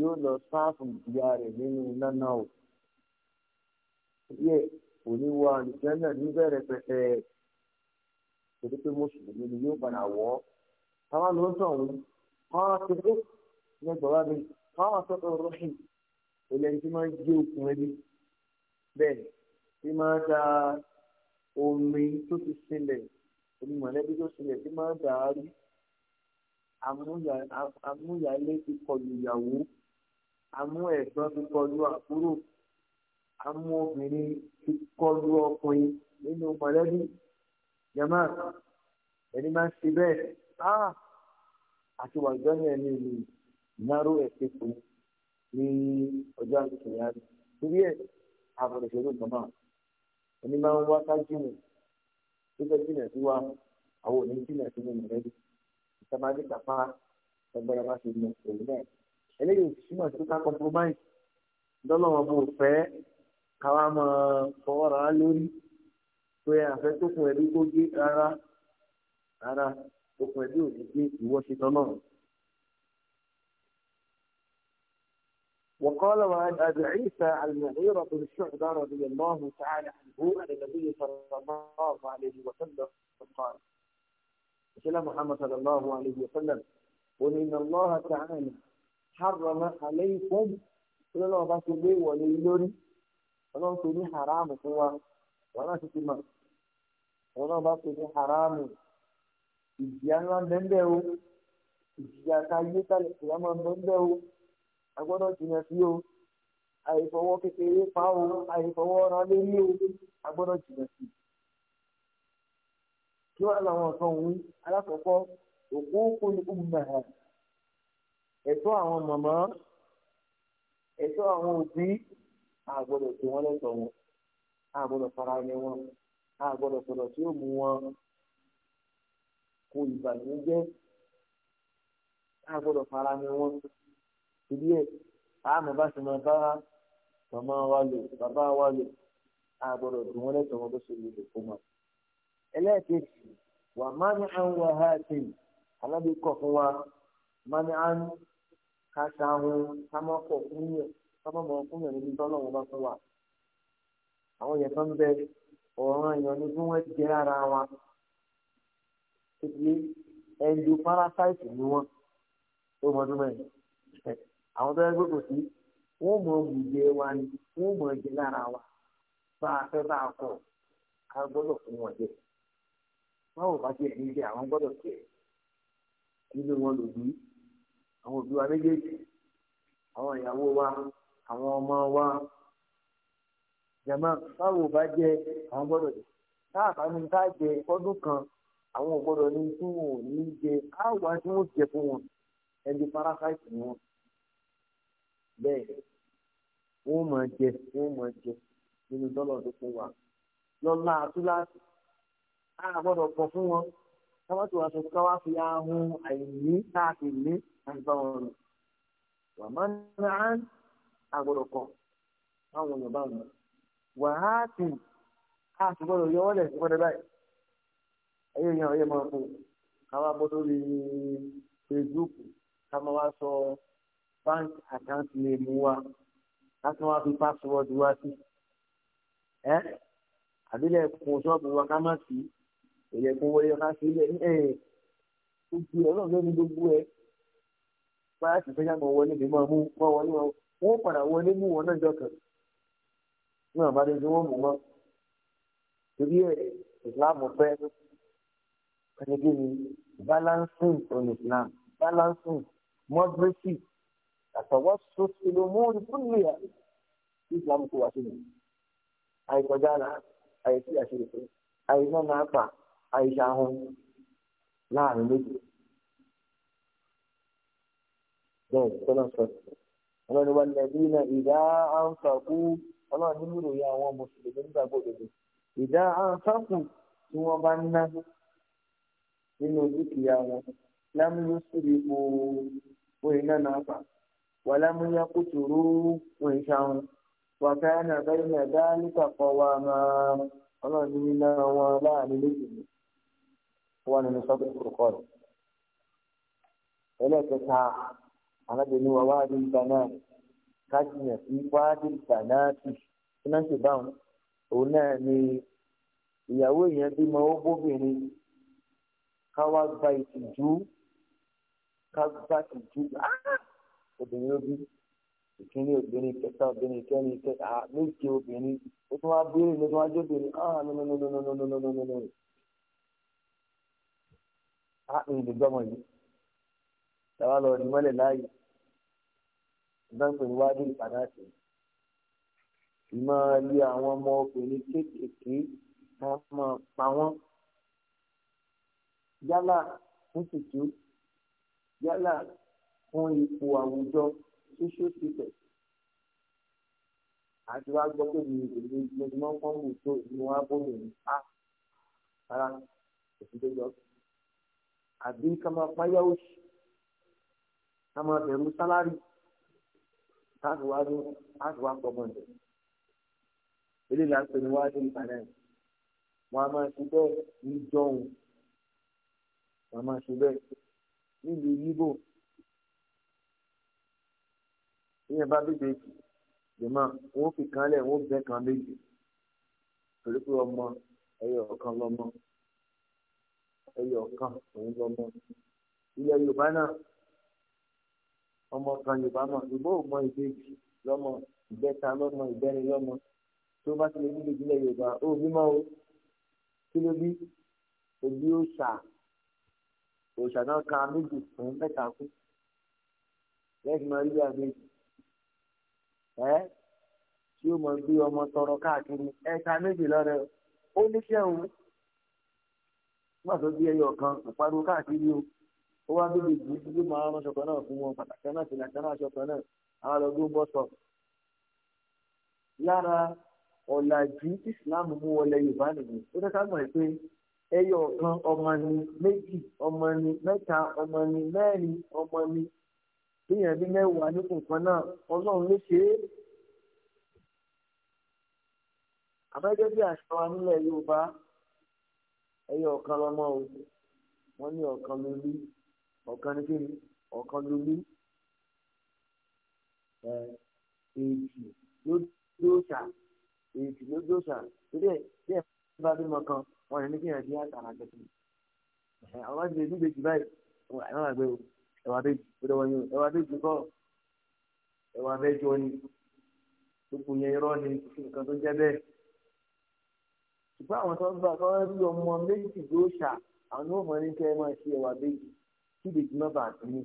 yóò lọ sáàfù ìyá rẹ̀ nínú iná náà. Ìyẹ́ òní wa àlùjẹ́ náà níbẹ̀rẹ̀ pẹ̀tẹ́ torí pé mùsùlùmí ni yóò padà wọ̀ ọ́ táwọn ló ń sọ̀rọ̀ káwọn ti kú ní ẹgbẹ̀rún mi káwọn sọ̀rọ̀ rọ́ọ̀hìn olóyìn tí máa ń gé okùn ẹbí bẹ́ẹ̀ tí máa da omi tó ti sílẹ̀ omi mọ̀lẹ́bí tó sílẹ̀ tí máa da rí amúyálé ti kọlu ìyàwó amú ẹ̀gbọ́n ti kọlu àbúrò amú obìnrin ti kọlu ọkùnrin nínú mọ̀lẹ́bí jama ẹni máa ń ṣe bẹ́ẹ̀ áà ah! àti wàjọ́nì ẹni ìlú ìnáró ẹ̀sìn fún ní ọjọ́ àtúntò yá torí ẹ̀ àbọ̀dọ̀ ṣe ló jọmọ́ ẹni máa ń wá sájìnà tó fẹ́ jìnà sí wa àwọn òní jìnà sí mímu rẹ ìtàmádé kàfá ẹgbẹ́ra bá ṣe mọ òun náà eléyìí túmọ̀ sí ká compromise lọ́lọ́wọ́ bó fẹ́ káwá mọ́ fọwọ́ rárá lórí. pé fún ẹbí kó gé rárá rárá fún ẹbí ò ní gé ìwọ ṣe tán náà. وقال وعن ابي عيسى المغيرة بن شعبة رضي الله تعالى عنه عن النبي صلى الله عليه وسلم قال سيدنا محمد صلى الله عليه وسلم قل ان الله تعالى حرم عليكم قل الله بس لي ولي لوري ọlọ́run tó ní haram fún wa wàhálà wọn náà bá pè ní haramu ìjìyà ńlá bẹ́ńbẹ́ o ìjìyà ká yé kálẹ̀ ìyá máa bẹ́ńbẹ́ o a gbọ́dọ̀ jìnà sí o àìfọwọ́ kékeré pa o àìfọwọ́ ra lé o a gbọ́dọ̀ jìnà sí. kí wàá làwọn nǹkan òun alákọ̀ọ́kọ́ òkú kò ní kó mọ̀ ẹ́ ẹ̀tọ́ àwọn màmá ẹ̀tọ́ àwọn òbí a gbọ́dọ̀ tí wọ́n lẹ́tọ̀ọ́ wọn a gbọ́dọ̀ fara ẹni wọn. agbọdọ gbọ́dọ̀ tí ó mú wọn kó ìbànújẹ́ a gbọ́dọ̀ fara ní wọn torí ẹ̀ àmọ́ bá ti máa bá màmá wa lò bàbá wa lò a gbọ́dọ̀ dùn wọ́n lẹ́tọ̀ọ́ wọn bó ṣe lè lò fún wọn. ẹlẹ́ẹ̀kejì wà wà ti fún wa má ní à ṣàwọn ká má fún yẹn ká má fún yẹn níbi ọ̀ràn èèyàn ni kí wọ́n jẹ ara wa títí endoparasite ni wọ́n tó mọdún mẹ́rin àwọn tó yẹ pé kò sí wọ́n mọ bùjẹ wa ni mọ lára wa bá a fẹ́ bá a a fún wọn jẹ bá ní jẹ àwọn jẹ̀mọ́ báwo bá jẹ àwọn gbọ́dọ̀ jẹ táà bá ní ká jẹ ọdún kan àwọn ò gbọ́dọ̀ ní tí wọn ò ní jẹ káwá tí wọ́n jẹ fún wọn ẹni parasite ni wọn bẹ́ẹ̀ wọ́n máa jẹ wọ́n máa jẹ nínú dọ́là tó fún wa lọ́la àtúláàtì á gbọ́dọ̀ pọ̀ fún wọn káwáṣe wàá sọ káwá fi ahun àìní káàkiri ní àgbà wàmánà á gbọ́dọ̀ kọ̀ báwọn Yorùbá wọn. wàhátì a sì gbọ́dọ̀ yọ wọ́lẹ̀ sí báyìí ayé èèyàn ayé máa fún káwá bọ́ lórí Facebook ká máa wá sọ bank account lè wa ká tún wá fi password wá sí ẹ àbílẹ̀ kún ṣọ́ọ̀bù wa ká má sí èyẹ kún wọlé ká sí ilẹ̀ ẹ ojú ọlọ́run ló gbogbo ẹ wọlé máa mú wọn wọlé wọn wọn padà wọlé mú wọn náà náà bá dé tí wọ́n mú mọ́ torí ẹ̀ islam fẹ́ ẹnìkí ni balancing on islam balancing moderacy àtọwọ́ sọ́sìlò mọ́rin fún ìyá islam kò wá sílẹ̀ àìkọjá la àìsí àṣeyẹsẹ àìsàn náà pa àìsàn ahun láàrin méjì bẹ́ẹ̀ tọ́lá sọ ọlọ́run wa nàbí náà ìdá àǹfààkú ọlọ́run nínú ìròyìn àwọn mùsùlùmí nígbàgbọ́ òdodo ìdá àǹfààkù tí wọ́n bá ná nínú dúkìá wọn lámúyó síbi kó wọ́n iná náà fà wà lámúyá kó tòró wọ́n ìṣàwọn wàtá náà bẹ́ẹ̀ náà dá nípa kan wà máa ọlọ́run nínú wọn láàrin méjì ni wọ́n nínú sọ́kùn kọ̀ọ̀kọ̀ rẹ̀ ẹlẹ́kẹta alábẹ̀ẹ́ni wà wá àdúgbò náà ká jìyàn sí wáádì sànáàtì tí wọ́n ṣe báwọn òun náà ni ìyàwó èèyàn bímọ ó bóbìnrin ká wá gba ìtìjú ká gba ìtìjú obìnrin ló bí ìkíní obìnrin kẹta obìnrin kẹrin kẹta méje obìnrin ó tún wá bírí ló tún wá jẹ obìnrin ah no no no no no no no no no ah mi ò lè gbọmọ yìí tàwa lọ rí mọ́lẹ̀ láàyè ìbáǹpẹ̀ ní wájú ìpàdé àti ìmọ̀ ilé àwọn ọmọ obìnrin kéékèèké wọn máa pa wọ́n yálà fún tìtú yálà fún ipò àwùjọ social status àti wá gbọ́ pé mi ò lè gbé mọ́ fọ́ọ̀mù tó ìlú wa bóyá ní pa ah! rárá òsì tó yọ àbí ká máa payá òsì ká máa bẹ̀rù sálárì táàbù wá ló táàbù wá pọ̀ mọ́ ẹ̀ eléyìí là ń pè ní wá ní ìbàdàn wọn a máa ṣe bẹ́ẹ̀ ní jọ̀hún wọn a máa ṣe bẹ́ẹ̀ nílùú yíbò ìyẹn bá bèbè jẹ̀mọ́ wọn fi kan lẹ̀ wọn bẹ́ kan méjì torí pé ọmọ ẹyọ ọ̀kan lọ́mọ ẹyọ ọ̀kan òun lọ́mọ ilẹ̀ Yorùbá náà ọmọ kan yorùbá mọ̀ ṣùgbọ́n ò mọ ìbejì lọ́mọ ìbẹ́ta lọ́mọ ìbẹ́rin lọ́mọ tó bá ti lè ní ìbílẹ̀ yorùbá ó mímọ́ o kí ló bí òbí òòṣà òòṣà náà ka méjì fún mẹ́ta kú lẹ́yìn máa rí àbejì ẹ́ tí ó mọ gbé ọmọ tọrọ káàkiri ẹ̀ka méjì lọ́rẹ̀ ó ní sẹ́wọ̀n nígbà tó bí ẹyọ kan ìpariwo káàkiri o ó wá débi ìlú tí ló máa ránṣọ kan náà fún wọn pàtàkì náà sì làkàn náà ṣọkan náà àwọn lọ gbó bọ́sọ̀. lára ọ̀làjú islam mú wọlé yorùbá nìyí ó tẹ́ka mọ̀ pé ẹyọ kan ọmọ ni méjì ọmọ ni mẹ́ta ọmọ ni mẹ́rin ọmọ ni bíyàn bí mẹ́wàá nípò kan náà ọlọ́run ló ṣe é. àbẹ́jọ́ bí àṣà wa yorùbá ẹyọ ọ̀kan lọ́mọ o wọ́n ní ọ̀kan lórí ọ̀kan ní kí ni ọ̀kan ló ní èjì ló dóòṣà èjì ló dóòṣà torí ẹ̀ bí ẹ̀ bá bímọ kan wọn ní kí yẹn di àtàrà gẹ̀gẹ̀ àwọn bá ti lè dúdú èjì báyìí àwọn àgbẹ̀ o ẹ̀wà bẹ́ẹ̀ jù lọ́wọ́ yín ẹ̀wà bẹ́ẹ̀ jù kọ́ ẹ̀wà bẹ́ẹ̀ jù ọ ni gbogbo yẹn irọ́ ni nǹkan tó jẹ́ bẹ́ẹ̀ ṣùgbọ́n àwọn tó ń gbà tó ń rí ọmọ méjì lóòṣà àwọn ní òmò ní kẹ́ ẹ máa ṣe ẹ̀wà bẹ́ẹ̀ kí lè jí lọ́ba àti mi.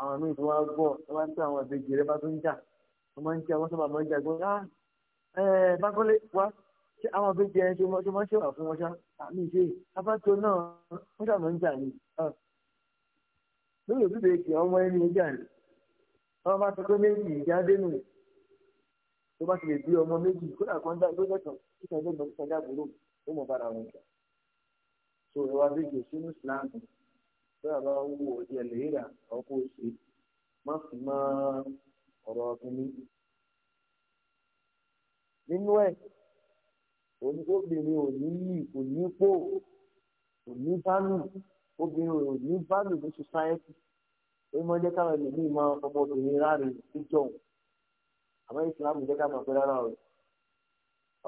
àwọn míì tó wá gbọ́ wọ́n wá ń tẹ́ àwọn ìbejì rẹ bá tó ń jà wọ́n máa ń jà wọ́n sábà máa ń jà gbọ́n á ẹ̀ bákọ́lé wá ṣé àwọn ìbejì ẹ̀ ṣe máa ń ṣèwà fún wọn ṣá àmì ṣe abájọ náà wọ́n sábà ń jà ní. lórí òbí bèèkì ọmọ ẹni ìjà rẹ̀ wọ́n bá sọ méjì ìjà dénú tó bá ti lè bí ọmọ méjì kódà kan dá lórí ẹ̀sán kíkan ẹgbẹ́ gbọ́n kíkan dá àbúrò ó mọ̀ padà wọn jà. so ìwà bèèkì sínú ìsìlámù pé àbá ń wo ọjọ́ lèèrà ọkọ̀ ṣe má fi má ọ̀rọ̀ ọ̀gbìnrin. nínú ẹ̀ obìnrin ò ní yìí kò ní pò kò ní bánù obìnrin ò ní bánù ní society ó mọ jẹ́ káwọn ẹlòmíì máa ọmọbìnrin ráre níjọ àmọ́ ìsìlámù jẹ́ ká mọ̀ rárá o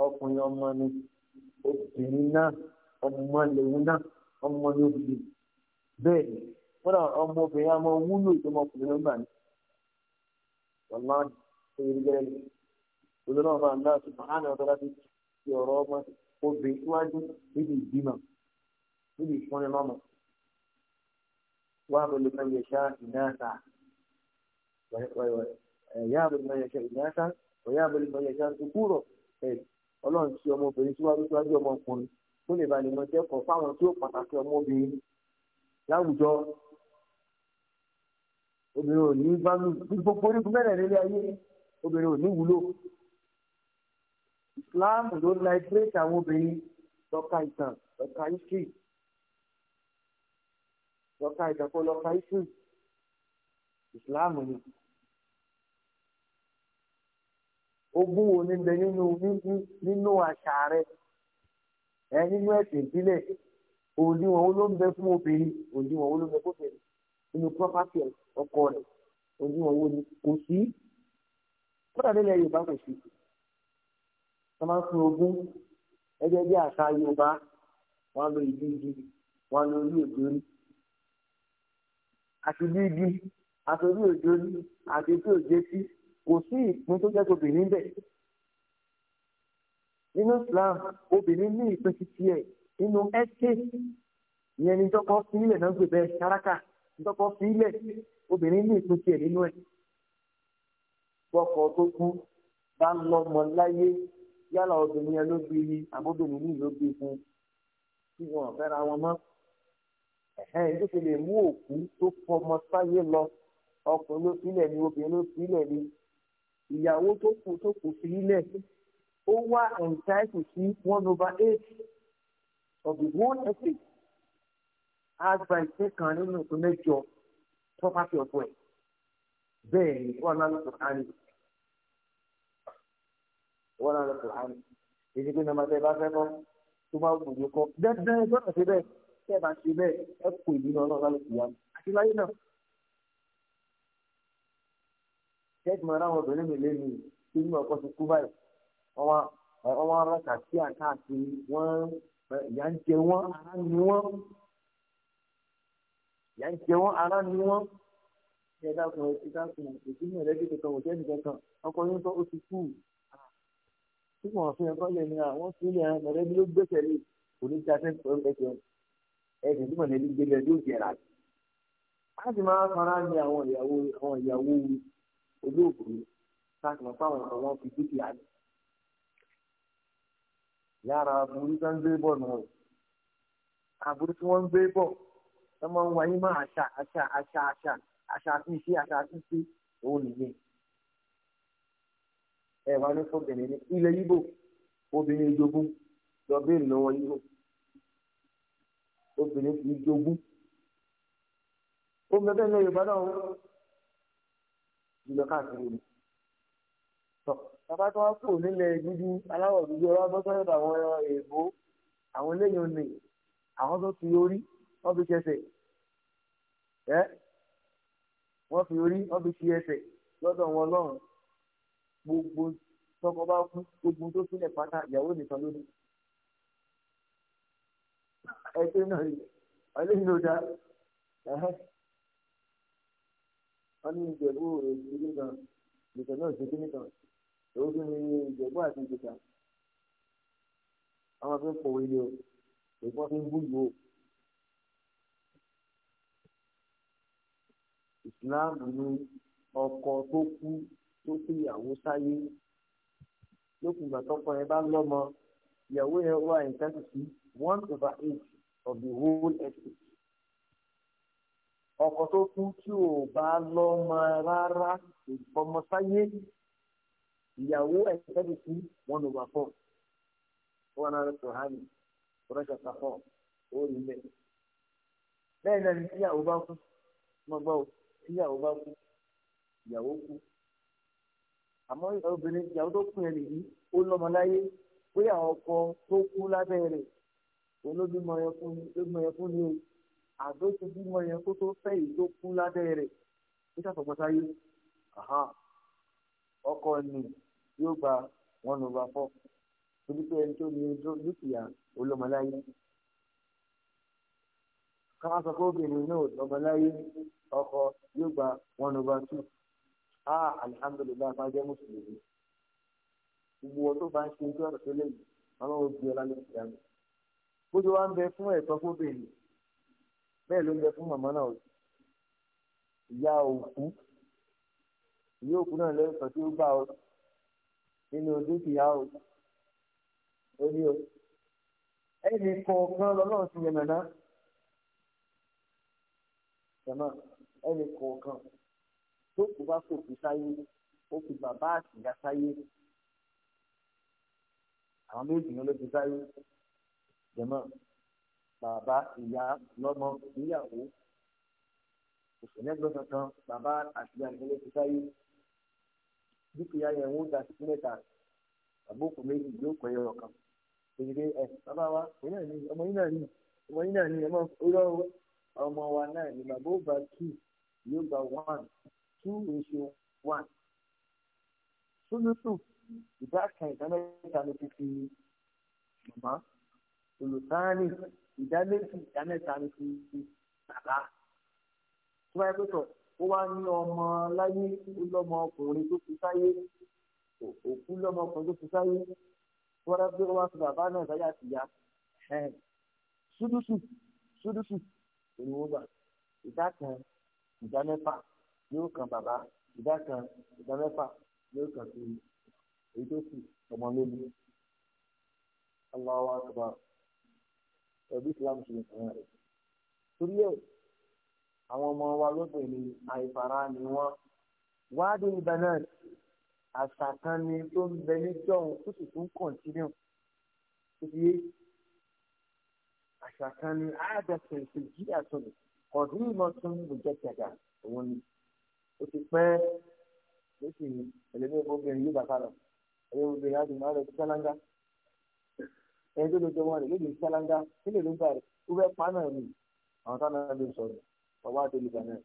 ọkùnrin ọmọ ni obìnrin náà ọmọ lèun náà ọmọ ni obìnrin. bẹ́ẹ̀ ni ọmọbìnrin àmọ́ wúlò ìjọmọkùnrin ló ń bà ní. wàlá ẹ̀yìn gẹ́gẹ́ ni olóńgbò máa ń dá ṣùgbọ́n àná láti fi ọ̀rọ̀ ọmọ obìnrin síwájú níbi ìbímọ láwùjọ obìnrin ò ní gbámú gbogbo orígun mẹ́rẹ̀ nílé ayé obìnrin ò ní wúlò Islam ló ń liberate àwọn obìnrin lọ́ka ìtàn lọ́ka history lọ́ka ìtàn kó lọ́ka history Islam ni. ogún wo ni bẹ nínú nínú àṣà rẹ ẹ nínú ẹsìn ìbílẹ̀ òdiwọ̀n wo ló ń bẹ fún obìnrin òdiwọ̀n wo ló ń bẹ fóbìnrin nínú property ọkọ rẹ̀ òdiwọ̀n wo ni kò sí kódà nílẹ̀ yorùbá kò sí wọ́n máa ń fún ogún ẹgbẹ́ bí àṣà yorùbá wọ́n lo ìdí igi wọ́n lo orí òjòrí àti bí igi àti orí òjòrí àti bí òjèsí kò sí ìpín tó jẹ́ obìnrin bẹ̀ nínú Islam obìnrin ní ìpín títí ẹ̀ nínú estate ìyẹn ní tọkọ fílẹ̀ náà gbé bẹ́ẹ̀ káraká tọkọ fílẹ̀ obìnrin lè tún tiẹ̀ nínú ẹ̀. gbọ́kọ̀ tó kú bá ń lọ́mọ láyé yálà obìnrin yẹn ló bí i àbóbìnrin yìí ló bí i fún kí wọn fẹ́ra wọn mọ́. ẹ̀hẹ́n tó fi lè mú òkú tó fọmọ sáyé lọ ọkùnrin ló fílẹ̀ ni obìnrin ló fílẹ̀ ni ìyàwó tó kù tó kù fílẹ̀ ó wá ẹ̀ǹtáìtì sí one over eight of the whole estate á gba ìpín kan to make your property ọ̀pọ̀ ẹ̀ bẹ́ẹ̀ ni wọ́n náà lọ́kùn án wọ́n náà lọ́kùn án èyí pé nàmá tẹ́ bá fẹ́ kọ́ tó bá wù yóò kọ́ dandan ẹgbẹ́ náà ṣe bẹ́ẹ̀ tẹ́ bá ṣe bẹ́ẹ̀ ẹ kò ìdílé ọlọ́run lálẹ́ ìyá àti láyé náà. tẹ́tùmọ̀ aráwọ̀ obìnrin mi lẹ́nu tí mo kọ́ ti kú báyìí wọ́n wá rọ́ọ̀kà sí àkáàkiri wọ́n ìyà ń jẹ wọ́n ara ni wọ́n ìyà ń jẹ wọ́n ara ni wọ́n ẹ dákun ẹ ti dákun ìdí mi ẹlẹ́dì kankan kò jẹ́ni kankan ọkọ yín tó o ti kú tí wọ́n fi ẹ̀kọ́ lè ní àwọn sílẹ̀ mọ̀lẹ́bí ló gbèsè lè kò ní jáde pẹ̀lú ẹ̀kẹ́ ẹ̀sìn tí mọ̀lẹ́bí gbé lẹ́dí òkè rà á sì máa fara ní àwọn ìyàwó àwọn ìyàwó olóògùn láti mọ̀ fáwọn ọ̀rọ̀ wọn fi dúkìá lọ lára aburú tó ń gbé bọ̀ nù o aburú tí wọ́n ń gbé bọ̀ wọ́n máa ń wáyé má àṣà àṣà àṣà àṣà àṣà àti ìṣe àṣà àti ìṣe òun nìyẹn ẹ wá ní fọ́bìnrin ní ilẹ̀ yíbò obìnrin jogún lọ bí ìlọ́wọ́ yíbò obìnrin kì í jogún ó mẹ́fẹ́ ní Yorùbá náà jùlọ káàkiri ni bàbá tó wá kù nílẹ̀ gidi aláwọ̀ dúdú ọlọ́wọ́ bọ́ sọ́dọ̀ àwọn èèbó àwọn eléyìí ò ní àwọn tó fi orí wọ́n fi ṣẹ̀ṣẹ̀ ẹ́ wọ́n fi orí wọ́n fi ṣe ẹsẹ̀ lọ́dọ̀ wọn lọ́rùn gbogbo tọkọ bá kú gbogbo tó sílẹ̀ pátá ìyàwó nìkan ló ní. ẹgbẹ́ náà rí eléyìí ló dá wọ́n ní ìjẹ̀bú òòrùn ìdílé kan ìjẹ̀bú náà ṣe èwo tún ní ìjẹ̀bú àti ìjẹ̀bú àwọn máa fi ń pòwe ni o èyí wọ́n fi ń bú ìwò ìsìláàmù ni ọkọ tó kú tó fi ìyàwó sáyé lókun ìgbà tọkọ yẹn bá lọ́mọ ìyàwó yẹn wà ìtẹ́sí sí one over eight of the whole estate ọkọ tó kú tí ò bá lọ́mọ rárá ìfọmọsáyé ìyàwó ẹ̀ sẹ́bi sí one over four one hundred to hami one chapter four ó rí bẹ́ẹ̀. bẹ́ẹ̀ náà ni tíyàwó bá kú mo gbọ́ tíyàwó bá kú ìyàwó kú àmọ́ obìnrin ìyàwó tó kú yẹn nìyí ó lọ́mọ láyé bóyá ọkọ tó kú lábẹ́ rẹ̀ olóbímọ yẹn fún ni olóbímọ yẹn fún ni o àdó ti bímọ yẹn kó tó fẹ́ yìí tó kú lábẹ́ rẹ̀ ó ṣàfọ̀gbọ́sáyé ọkọ ni yóò gba one over four torí pé ẹni tó ní dúkìá olómọláyé káwọn sọ pé obìnrin náà lọmọláyé ọkọ yóò gba one over two a alihamudulilayi máa jẹ mùsùlùmí gbogbo wọn tó bá ń ṣe ojú ọ̀rọ̀ tó lẹ́yìn ọlọ́run gbé ọlá lóṣù yàrá bó ṣe wá ń bẹ fún ẹ̀tọ́ fóbìnrin bẹ́ẹ̀ ló ń bẹ fún màmá náà ìyá òkú ìyá òkú náà lẹ́yìn sọ tí ó gbà ọ́ nínú dúkìá o orí o ẹnì kọ̀ọ̀kan lọ́nà ti yẹn nàná jẹ̀mọ́ ẹnì kọ̀ọ̀kan tó kù bá kò fi sáyé ó fi bàbá àtìyá sáyé àwọn méjì ló fi sáyé jẹ̀mọ́ bàbá ìyá lọ́mọ ìyàwó òṣèlú ẹgbẹ́ kankan bàbá àtìyá ló fi sáyé dúkìá yẹn wọ́n dà sí mẹ́ta àbókù méjì yóò pẹ́ yọ ọ̀kan èdè ẹ bàbá wa ọmọ yín náà ní ọmọ yín náà ní ọmọ orí ọmọ wa náà ní bàbá ó gba two yóò gba one two ratio one sólùtù ìdá kan ìdá mẹ́ta ló ti fi màmá olùsáánì ìdá méjì ìdá mẹ́ta ló ti fi bàbá tó bá yẹ pé tọ̀ ó wá ní ọmọ láyé ó lọ́mọ ọkùnrin tó fi sáyé òkú lọ́mọ ọkùnrin tó fi sáyé wọ́n pé wọ́n fi bàbá náà sáyà sí ya ṣúdúṣù ṣúdúṣù ìrìnwó gbà ìdá kan ìdá mẹ́fà yóò kan bàbá ìdá kan ìdá mẹ́fà yóò kan sí èyí tó sì ọmọ lóbi Allahu akbar ẹbí Islam ṣe nǹkan rẹ̀ torí ẹ̀ àwọn ọmọ wa lóbìnrin àìfara ni wọ́n wáàdì ìbẹ̀rẹ̀ àṣàkànni tó ń bẹ níjọ́hun tó sì tún kọ̀ǹtínú títí àṣàkànni àádọ́sẹ̀ ìṣèjì àtọ̀nù ọ̀dún ìmọ̀ tó ń bùjẹ́ tẹ̀gà òun ni ó ti pẹ́ ó sì ẹlẹ́gbẹ́ obìnrin yóò bàtà lọ ẹ̀yẹ́ obìnrin àti ìmọ̀ rẹ̀ ti sálángá ẹ̀yẹ́ tó lójó wọn rẹ̀ lóde sálángá sílẹ̀ ló ń bá rẹ̀ ó pa náà ni àwọn táwọn náà ló sọ̀rọ̀ فوات البنات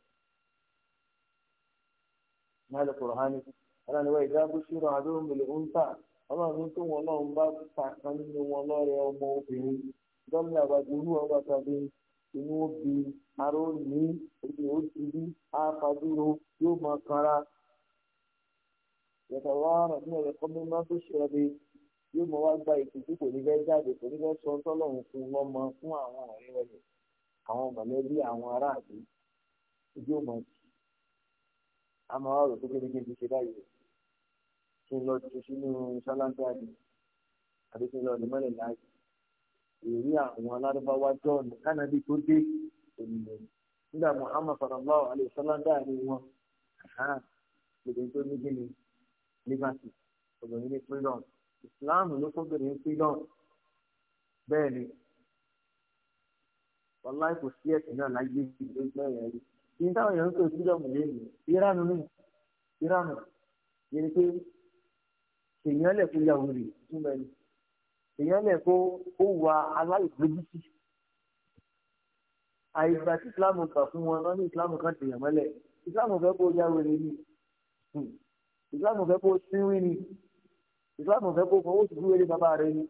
هذا قرآن أنا وإذا بشر عدوهم بالأنثى أما منكم والله باب تعقلين والله يوم موبين ظل وجهه وتبين inú ó bi ara ó ní ebi ó ti rí àfàdúró yóò máa kanra yàtọ̀ wá ràn ní ọ̀rẹ́ kọ́mí máa tó ṣe ọdẹ yóò máa wá gba ìtìjú kò ní fẹ́ jáde kò ní fẹ́ sọ tọ́lọ́run fún lọ́mọ fún àwọn ọ̀rẹ́ rẹ̀. àwọn mọ̀lẹ́bí àwọn aráàlú ojú ọmọ a tó kéde kéde ṣe báyìí kí n lọ ti sínú àbí kí n lọ láàyè àwọn alárúbáwá jọ́ọ̀nù kánádì tó dé ènìyàn nígbà sallallahu alayhi wa sallam wọn gbogbo tó ní gíní liberty obìnrin ní freedom Islam ló fọ́bìnrin freedom wàláì kò sí ẹ̀sìn náà láyé ìgbésẹ̀ ìgbẹ́yẹ̀ rí kí n táwọn èèyàn ń pè fúdọ̀mù lẹ́nu ìránù ní ìránù yẹn ni pé èèyàn lẹ̀ kó ya òrì túmọ̀ ẹni èèyàn lẹ̀ kó ó wa aláìgbójútì àìgbà tí ìsìláàmù kà fún wọn lọ́ní ìsìláàmù kan tèèyàn mọ́lẹ̀ ìsìláàmù fẹ́ kó ya òrì ni hmm. ìsìláàmù fẹ́ kó sínwí ni ìsìláàmù fẹ́ kó fọwọ́ sí ìwé bàbá rẹ ni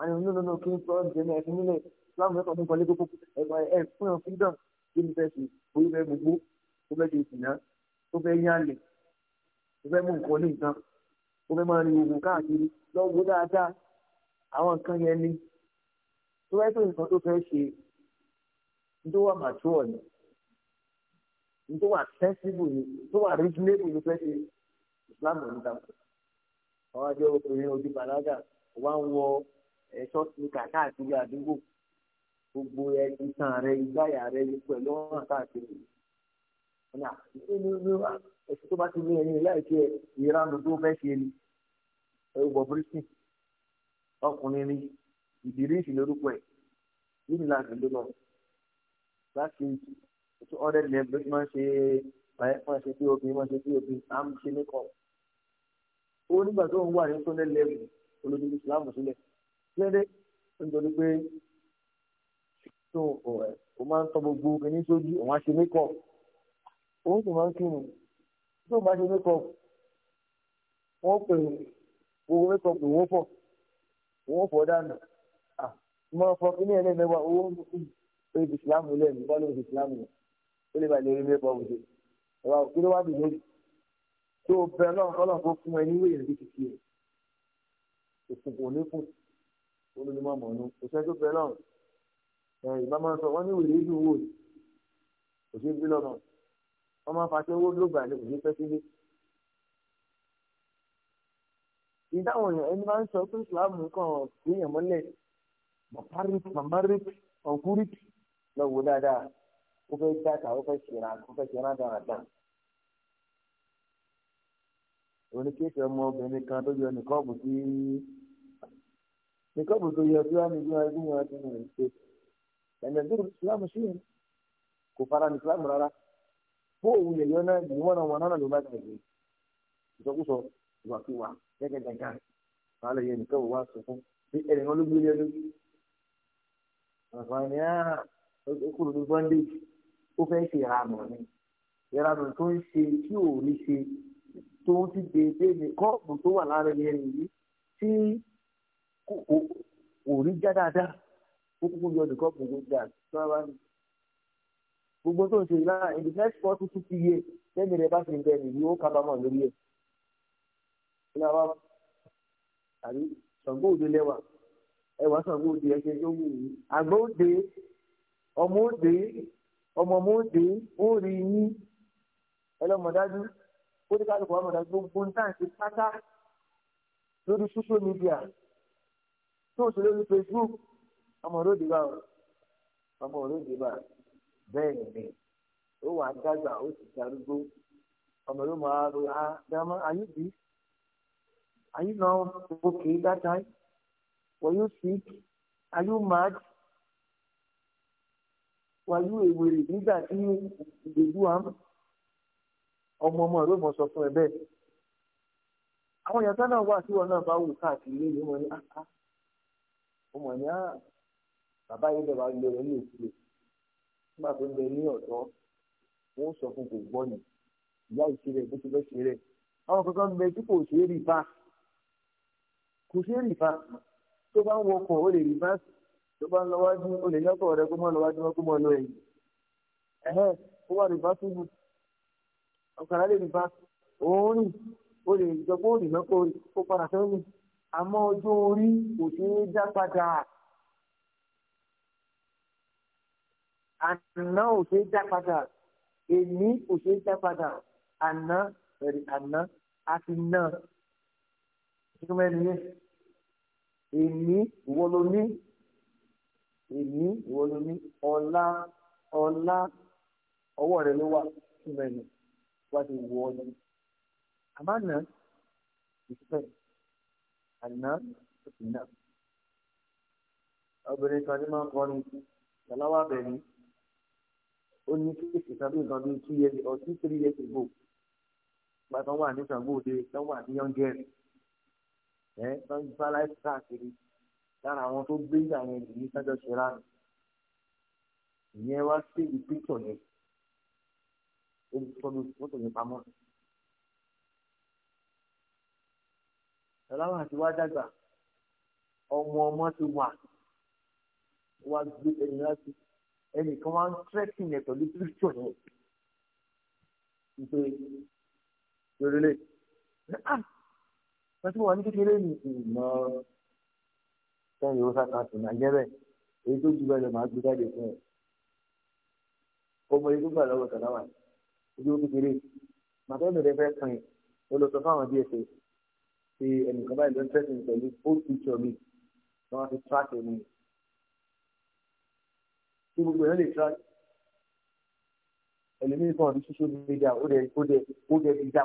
àyàn nínú kí n sọ ọ́ islam ẹ̀kọ́ tó ń kọ́lé kókó ẹ̀ fún ọ freedom kí ni fẹ́ ṣe oyún fẹ́ gbogbo ó fẹ́ ṣe ìsìnà ó fẹ́ yán lè ó fẹ́ mú nǹkan ní nǹkan ó fẹ́ máa rin oògùn káàkiri lọ́wọ́ dáadáa àwọn nǹkan yẹn ni tó fẹ́ tó nǹkan tó fẹ́ ṣe tó wà màtúwọ̀ ni tó wà sensible ni tó wà reasonable ni fẹ́ ṣe islam ò ní dàpọ̀ àwọn àjọ obìnrin ojú bàlágà wà ń wọ ẹ̀ṣọ́ ní kàkà àti ilé àdúgbò gbogbo ìtàn rẹ ìgbáyà rẹ gbogbo ẹ lọ́wọ́ hàn káàkiri ọ̀nà ẹ̀sìn tó bá ti ní ẹni láìpẹ́ ìranu tó fẹ́ ṣe ni ẹ̀rù bọ̀ bírísìn ọkùnrin ni ìdírísì lórúkọ ẹ̀ yúnilàǹdì ló lọ láti two hundred lẹ́ẹ̀ bí wọ́n ṣe wọ́n ṣe bí obìnrin wọ́n ṣe bí obìnrin à ń ṣe nìkan ó nígbà tó ń wà ní two hundred lẹ́ẹ̀bù olójú Islam sílẹ̀ lẹ́dẹ̀ nítorí pé so o máa ń tọ gbogbo ẹni sójú òun á ṣe makeup òun sì máa ń kírun tó o bá ṣe makeup wọ́n pè owó makeup òun fọ̀ òun fọ̀ dànù mo fọ kí ní ẹlẹ́mẹ̀wá owó ń kú pé ìsìlámù lẹ́nu bá lóun ìsìlámù yẹn ó lè bàlẹ́ rí makeup ṣe ẹ̀wà kí ló wá bì lórí tó o bẹ ọlọ́run ọlọ́run tó fún ẹ ní wíyẹn bí kìkì rẹ̀ òkùnkùn oníkùn olùdímọ̀ mọ̀ọ́nù òṣèlú bẹ ọlọ́run ìbá sọ wọ́n ní wèrè ìdùn wò ní kò sí bí lọ́nà wọ́n máa fa sẹ́wọ́ lóògbà ní kò sí pẹ́ sílé. ìdáhùn èèyàn ẹni máa ń sọ pé ìsìláàmù kan èèyàn mọ́lẹ̀ mọ̀párìkì ọ̀kúrìkì lọ́wọ́ dáadáa ó fẹ́ dáta ó fẹ́ ṣẹ̀ra ó fẹ́ ṣẹ̀ra dáadáa. oníkéèké ọmọbìnrin kan tó yọ nìkọ́ọ̀bù sí nìkọ́ọ̀bù tó yọ sí wàá nígbà ẹgbẹ́ wọn ti rìn ṣe lẹ́nu ẹ̀dúró islam sí yẹn kò fara ní islam rárá bó òun yẹ yọ náà yìí wọ́n wọn náà ló bá tẹ̀lé ìsọkúsọ ìwàkiwà jẹ́gẹ́jẹ́gá wàhálà yẹn nìkan wò wá sọ fún bí ẹ̀rẹ̀ wọn ló gbé lé lórí àǹfààní àá okùnrin ní bondage ó fẹ́ ṣe ìranù ni ìranù tó ń ṣe tí ò ní ṣe tó ń ti dèédé ní kọ́ọ̀bù tó wà lára yẹn nìyí tí kò rí já dáadáa kúkú bí ọdún kọ́pù ló dà tó wá ní. gbogbo tó ń ṣe ìlànà in the next four to fifty years lẹ́mi rẹ̀ bá fi ń bẹ nìyí ó kábàámọ̀ lórí ẹ̀. ìlànà wa àbí Ṣàngó òde lẹ́wà ẹwà Ṣàngó òde ẹ̀ṣẹ̀ tó wù yìí àgbọ̀ òde ọmọ òde ọmọ ọmọ òde ó rí yín ẹlọ́mọdájú ó ní kálukú ọmọdájú gbogbo ń tàn sí pátá lórí social media tó ń ṣe lórí Facebook. ọmọ òròdì bá ọmọ òròdì bá bẹ́ẹ̀ ni ó wà dàgbà ó sì darúgbó ọmọ ló máa ro a dáná were you sick are you mad were you nígbà tí ọmọ ọmọ rẹ mọ sọ fún ẹ bẹ́ẹ̀ àwọn yàtọ̀ náà wà tí wọn náà bá wù káàkiri wọn ọmọ ní ah, ah. bàbá yìí lẹ́wà lé rẹ̀ ní ìsúlẹ̀ nígbà tó ń bẹ ní ọ̀dọ́ wọ́n sọ fún kò gbọ́ ni ìyá ìṣeré bó ti fẹ́ ṣe rẹ̀ àwọn kankan bẹ tí kò ṣeé rí bá kò ṣeé rí bá tó bá ń wọkọ̀ ó lè rí bá tó bá ń lọ wájú ó lè lọ́kọ̀ rẹ kó mọ́ lọ wájú kó mọ́ lọ ẹ̀yìn ẹ̀hẹ́ ó wà rí bá túbú ọ̀kadà lè rí bá òórì ó lè jọ pé ó rì lọ́kọ̀ kó padà sẹ́yìn àmọ́ ọjọ́ orí kò ṣeé dá padà. àná ò ṣe é dá padà èmi ò ṣe é dá padà àná ẹ̀rí àná a ti ná ìtumọ̀ ẹni yẹn èmi ìwọ ló ní èmi ìwọ ló ní ọ̀la ọ̀la ọwọ́ rẹ ló wà ìtumọ̀ ẹni wá ti wọ ọ ní àmọ́ ìfẹ́ àná ìná obìnrin kan ní máa ń kọrin ìyàlá wà bẹ̀ ní ó ní kéèsì kan two years or two three years ago nígbà tó wà ní sangoode tó wà ní yọngẹrì ẹ tó ń bá láìsí káàkiri lára àwọn tó gbé àwọn ènìyàn sájọ ṣe lánàá ìyẹn wá sí ibi píktọ̀ yẹn ó ń tọ́jú mọ́tò yẹn pamọ́. ọlọ́wà ti wá dàgbà ọmọ ọmọ ti wà wá gbé ẹni láti ẹnìkan wá ń trekking yẹn pẹ̀lú píṣọ̀ yẹn ìpè lórílẹ̀ ah pẹ̀sí wọn ní kékeré ní ìmọ̀ sẹ́yìn rosa council nàìjẹ́rẹ̀ èyí tó jù bẹ́ẹ̀ lọ máa gbé jáde fún ẹ̀ ọmọ yìí tó gbà lọ́wọ́ tàdáwà ojú ó kékeré màtẹ́ẹ̀mì rẹ fẹ́ pin ó lọ sọ fáwọn dsa ṣe ẹnìkan báyìí ló ń trekking pẹ̀lú old picture mi wọ́n á fi track ẹ̀ nìyẹn. tí gbogbo èèyàn lè try ẹlòmíì kan ní social media ó dẹ ó dẹ ó dẹ ti dá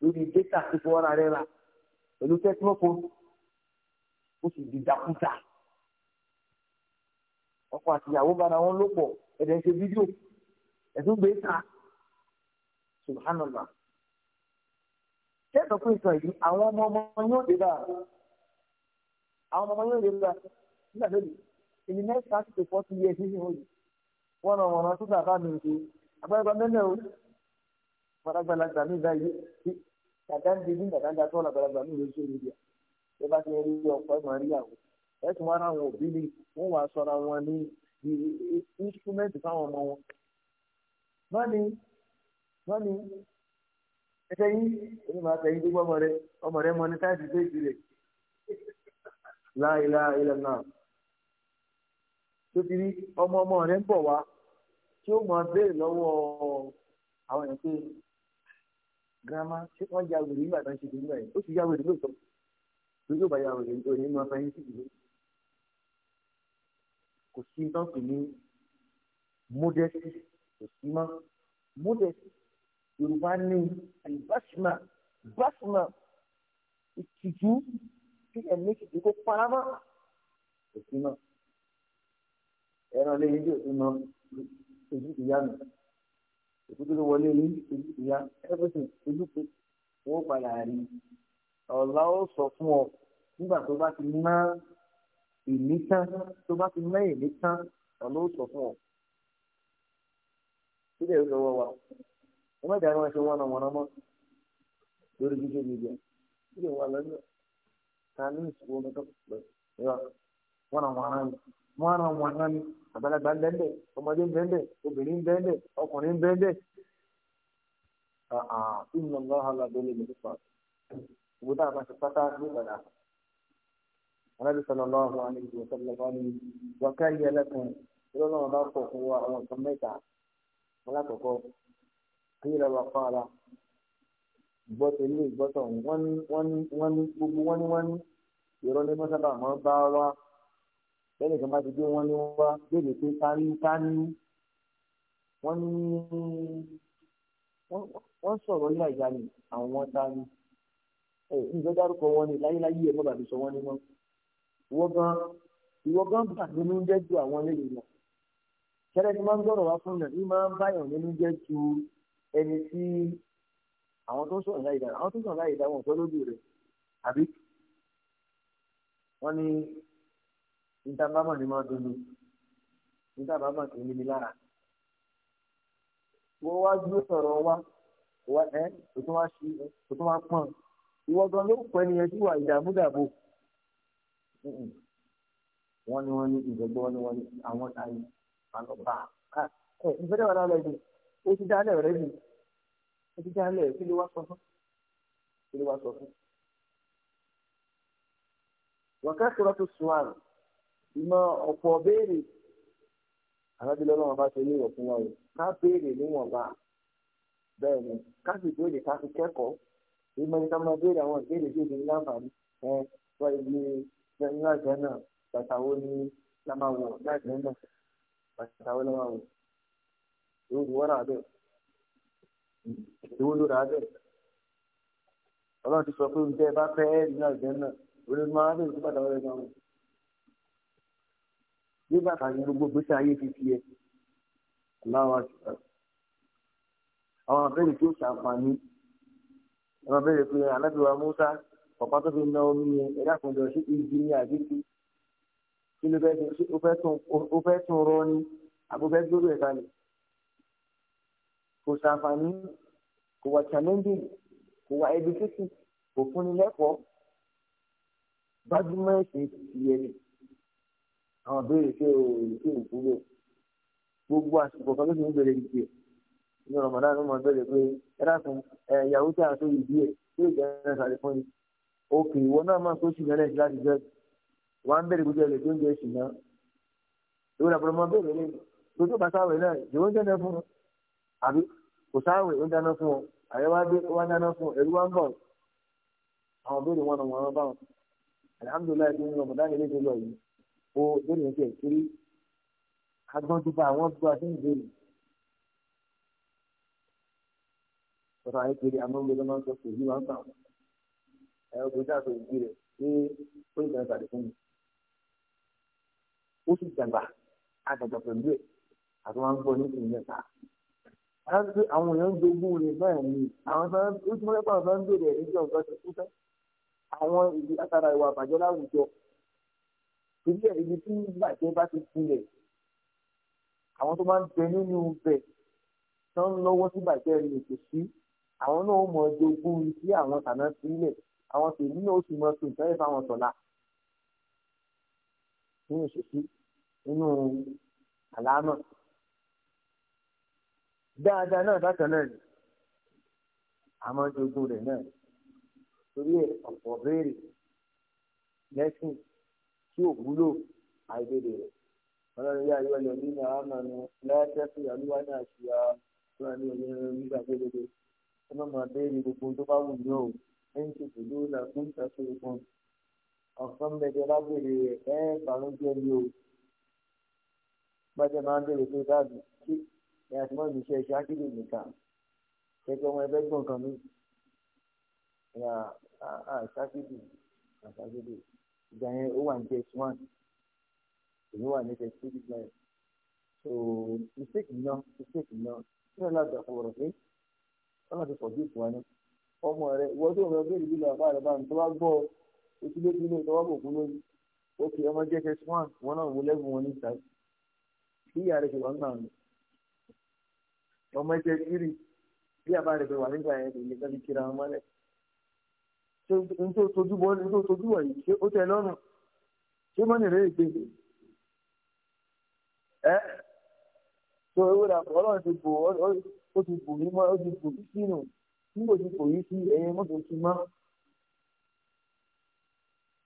lórí data tó fọwọ́ ara rẹ rà pẹ̀lú tẹkinọ́fọ́n ó sì di dákúta ọkọ àtìyàwó bára wọn ló pọ̀ ẹ̀dẹ̀ ta subhanallah pé ìtàn yìí àwọn ọmọ ọmọ yóò dé bá in the next thirty to forty years one ìhòòhò wọn ọ̀nà ọ̀nà tó dàbá mi ṣe àgbàlagbà mẹ́lẹ̀ o àgbàlagbà mi bá yé dàda ń dèbí dàda ń dàtọ́ àgbàlagbà mi lóṣù mídíà ẹ bá ti rí ọ̀pọ̀ ẹ̀mọ̀ rí àwọn ẹ̀sùn wọn àwọn òbí ni wọ́n wàá sọra wọn ní instrument fáwọn ọmọ wọn. wọ́n ní wọ́n ní ẹsẹ̀ yìí èmi máa tẹ̀yìn gbogbo ọmọ rẹ ọmọ rẹ mọ ní táìsì péjì rẹ̀ láìláìlẹ̀ náà tó ti rí ọmọ ọmọ rẹ̀ ń bọ̀ wá tí ó mọ béèrè lọ́wọ́ àwọn èèyàn pé girama ṣé wọ́n ya wèrè nígbà tó ń ṣe ìdílé rẹ̀ ó ti ya wèrè lóòótọ́ lórí yóò bá ya wèrè nítorí nínú afẹ́yìn sí ìdílé kò sí tán pè ní modesty kò sí mọ́ modesty yorùbá ní àlùbáṣìmá báṣìmá ìtìjú kí ẹ̀ méjì tó kó paramá kò sí mọ́ ẹran lé yíyó ìmọ̀ ojú ìyá mi òkúta tó wọlé ní ojú ìyá everything ojú pé wọ́n padà rí ọ̀la ó sọ fún ọ nígbà tó bá ti ná ìní tán tó bá ti ná ìní tán ọ̀la ó sọ fún ọ. sílẹ̀ ó lọ́wọ́ wa wọ́n mẹ́ta ni wọ́n ṣe wọ́n náà wọ́n náà mọ́ lórí jíjẹ́ mídíà sílẹ̀ wà lọ́nà ta ìṣòwò mẹ́tọ́ pẹ̀lú ìwà wọ́n àwọn ará ni wọ́n ara wọn ará ni àgbàlagbà ń bẹ́ẹ̀ ọmọdé ń bẹ́ẹ̀ obìnrin ń bẹ́ẹ̀ ọkùnrin ń bẹ́ẹ̀ ìmọ̀ ń lọ́hàn lábẹ́lẹ̀ lórí pa òwò tá a máa ṣe pátá ní ìpadà alábi sọlọ lọ́wọ́ àwọn àlejò sọlọ lọ́wọ́ ni wọ́ká yẹ lẹ́kùn ìrọ̀lọ́wọ́ bá pọ̀ fún wa àwọn nǹkan mẹ́ta alákọ̀ọ́kọ́ kíyìlẹ̀ wà fún ara gbọ́tẹ̀ ilé ìgbọ́tọ̀ wọ́n ní gbogbo wọ́n ní wọ́n ní ìrọ̀lẹ́ mọ́sábà máa bá wa lẹ́yìn kan bá ti dé wọ́n ní wọ́n wá léèrè pé ta ní ta ní wọ́n ní wọ́n sọ̀rọ̀ yíra ìyá ni àwọn wọn ta ní ẹ ǹjẹ́ dárúkọ wọn ni láyéláyé ẹ̀ mọ́ba mi sọ wọ́n ní wọn ìwọ gan ìwọ gan bà mí ní jẹ́ ju àwọn lẹ́yìn lọ kẹlẹ́ ni máa ń gbọ́rọ̀ wá fún yàn ní máa ń báyàn nínú jẹ́ ju ẹni tí àwọn tó ń sọ̀rọ̀ láyé dáa àwọn tó ń sọ̀rọ̀ láyé dáa wọn sọ lójú rẹ̀ àbí wọ́n ní níta bá mọ̀ ní máa dolo níta bá mọ̀ kì í níbi lára wọ́n wá dúró sọ̀rọ̀ wá wá ẹ́ kò tún wá sí kò tún wá pọ̀n ìwọ gan ló pẹ́ ni ẹtí wà ìdààmú dàbò wọ́n ní wọ́n ní ìgbẹ́gbẹ́ wọ́n ní wọ́n ní àwọn táyì àlọ́bà ẹ̀ ìfẹ́lẹ́ wà lálẹ́ yìí ó ti dálẹ̀ rẹ̀ yìí ó ti dálẹ̀ kí ló wá sọ fún kí ló wá sọ fún. wàkàtúrọ̀ tó sùn àrùn ìmọ̀ ọ̀pọ̀ béèrè àlábìlẹ̀ ọlọ́run bá ṣe ní ìwọ̀ fún wa o ká béèrè níwọ̀nba bẹ́ẹ̀ ni ká sì béèrè ká fi kẹ́kọ̀ọ́ ìmọ̀ ní ká máa béèrè àwọn ìbéèrè tí èdè láǹfààní ẹ wọ́n ilé ní àjẹ́ náà bàtà wo ni la máa wọ̀ láìpẹ́ náà bàtà wo la máa wọ̀ èwo ni wọ́n rà bẹ́ẹ̀ èwo ló rà bẹ́ẹ̀ ọlọ́run ti sọ pé oúnjẹ bá fẹ́ ẹ́ ní àjẹ́ náà olórí nígbà kan ní gbogbo gbèsè ayé ti fi ẹ láwọn àwọn abẹ́rẹ́ tó ṣàǹfààní àwọn abẹ́rẹ́ pé alábìwá Musa pàpà tó fi na omi yẹn ẹ̀dá kan jọ sí igi ní àdínkù kí ló fẹ́ ṣe ó fẹ́ tún rọ ni àbúfẹ́ gbóró ẹ̀ka ni kò ṣàǹfààní kò wà challenging kò wà education kò fúnni lẹ́kọ̀ọ́ gbájúmọ́ ẹ̀sìn ti ẹni àwọn béèrè ṣé o ṣé o kúrò gbogbo àsìkò kan ló ti ń bèrè ìdí ẹ ní Ramadan ló máa bẹ̀rẹ̀ pé ẹ dákun tí a tó ìdí ẹ tó ìjà ẹ sàlẹ̀ fún yìí òkè ìwọ náà máa tó ṣìnà lẹ́sìn láti jẹ́ wàá ń bẹ̀rẹ̀ gbogbo ẹ̀ lẹ́sìn oúnjẹ ṣìnà ìwé làbọ̀rọ̀ máa bẹ̀rẹ̀ lẹ́yìn tó tó bá sáwẹ̀ náà ìwé oúnjẹ náà fún wọn àbí kò sáwẹ̀ ó dáná fún wọn àyẹ̀ wá dé wá dáná fún ẹ̀rú wá ń bọ̀ àwọn béèrè wọn náà wọn bá wọn alihamudulilayi tó lọ mọ̀dá o lónìí ẹ̀jẹ̀ kiri agbọ́njúbà àwọn gbọ́ àtẹ́yìn lónìí. ọ̀rọ̀ ayé kiri amóhùnmí ló máa ń sọ pé yìí máa ń bà wọ́n. ẹ ọgbẹ́ dàgbà òbí rẹ̀ pé ó lè gbàgbà tàbí fún mi. ó sì dàgbà àgbàgbà pẹ̀lú ẹ̀ àti wọn gbọ́ ní ìlú mẹ́ta. aláṣẹ àwọn èèyàn ń jogún rẹ̀ báyìí ni àwọn tó ń tó ń bẹ̀rẹ̀ níjọ́ nǹkan ti kú tán. àwọn ìdí látara ìwà àbàjẹ́ láwùjọ torí ẹ̀ ibi tí bàjẹ́ bá ti tilẹ̀ àwọn tó máa ń bẹ nínú bẹ̀ tó ń lọ́wọ́ sí bàjẹ́ rẹ̀ kò sí àwọn náà ó mọ jogún sí àwọn tàná sílẹ̀ àwọn tèmi náà ó sì mọ tó ìtọ́jú fáwọn tọ̀la nínú ìṣesí nínú àlámọ̀ dáadáa náà bákan náà ni àmọ́ jogún rẹ̀ náà torí ẹ̀ ọ̀pọ̀ béèrè lẹ́sìn tí ò wúlò àìdèdè rẹ̀ ọlọ́run yá ayọ́ lọ nínú àmàlù lẹ́tẹ́sì àlúwà náà ṣe à fún ẹni onírúurú nígbà gbẹdẹdẹ ẹ má máa béèrè gbogbo tó bá wù ní o ẹ ń ṣètò lórí náà fún ìtàkì ìfún ọ̀sán mẹ́jọ lágbèrè rẹ̀ ẹ bàlójẹ́ ni o bájẹ́ máa ń béèrè pé dáàbì kí ẹ àti mọ́ ìṣe iṣẹ́ ákéde nìkan kẹ́kẹ́ ọmọ ẹgbẹ́ gbọ̀ǹkan mi ìyá àṣàkéde àṣàkéde ìgbà yẹn ó wà ní js one èmi wà ní js two nígbà yẹn so mistake yan mistake yan kí ló láti àfọwọ́rọ̀ pé ọlọ́run ti forgive wa ní ọmọ rẹ ìwọ tó ń lọ bẹ́ẹ̀ nílò àbá rẹ báyìí tó bá gbọ́ ojúlé ìdílé tó bá bò kú lórí òkè ọmọ jss one wọn náà wo lẹ́gùn wọn níta bí ìyá rẹ ṣe wà nígbà yẹn ọmọ jẹ three bí àbá rẹ ṣe wà nígbà yẹn kò yẹ ká fi kíra wọn mọ́lẹ̀ ṣe n tó tojú bọ n tó tojú wọ yìí ṣé ó tẹ́ lọ́rùn ṣé mọ́nì rẹ̀ gbé ẹ́ tó ewé ra ọlọ́run ti bò ó ti bò yí mọ́ ó ti bò yí sínú nígbà tí kò yí sí ẹyin mọ́tò ti mọ́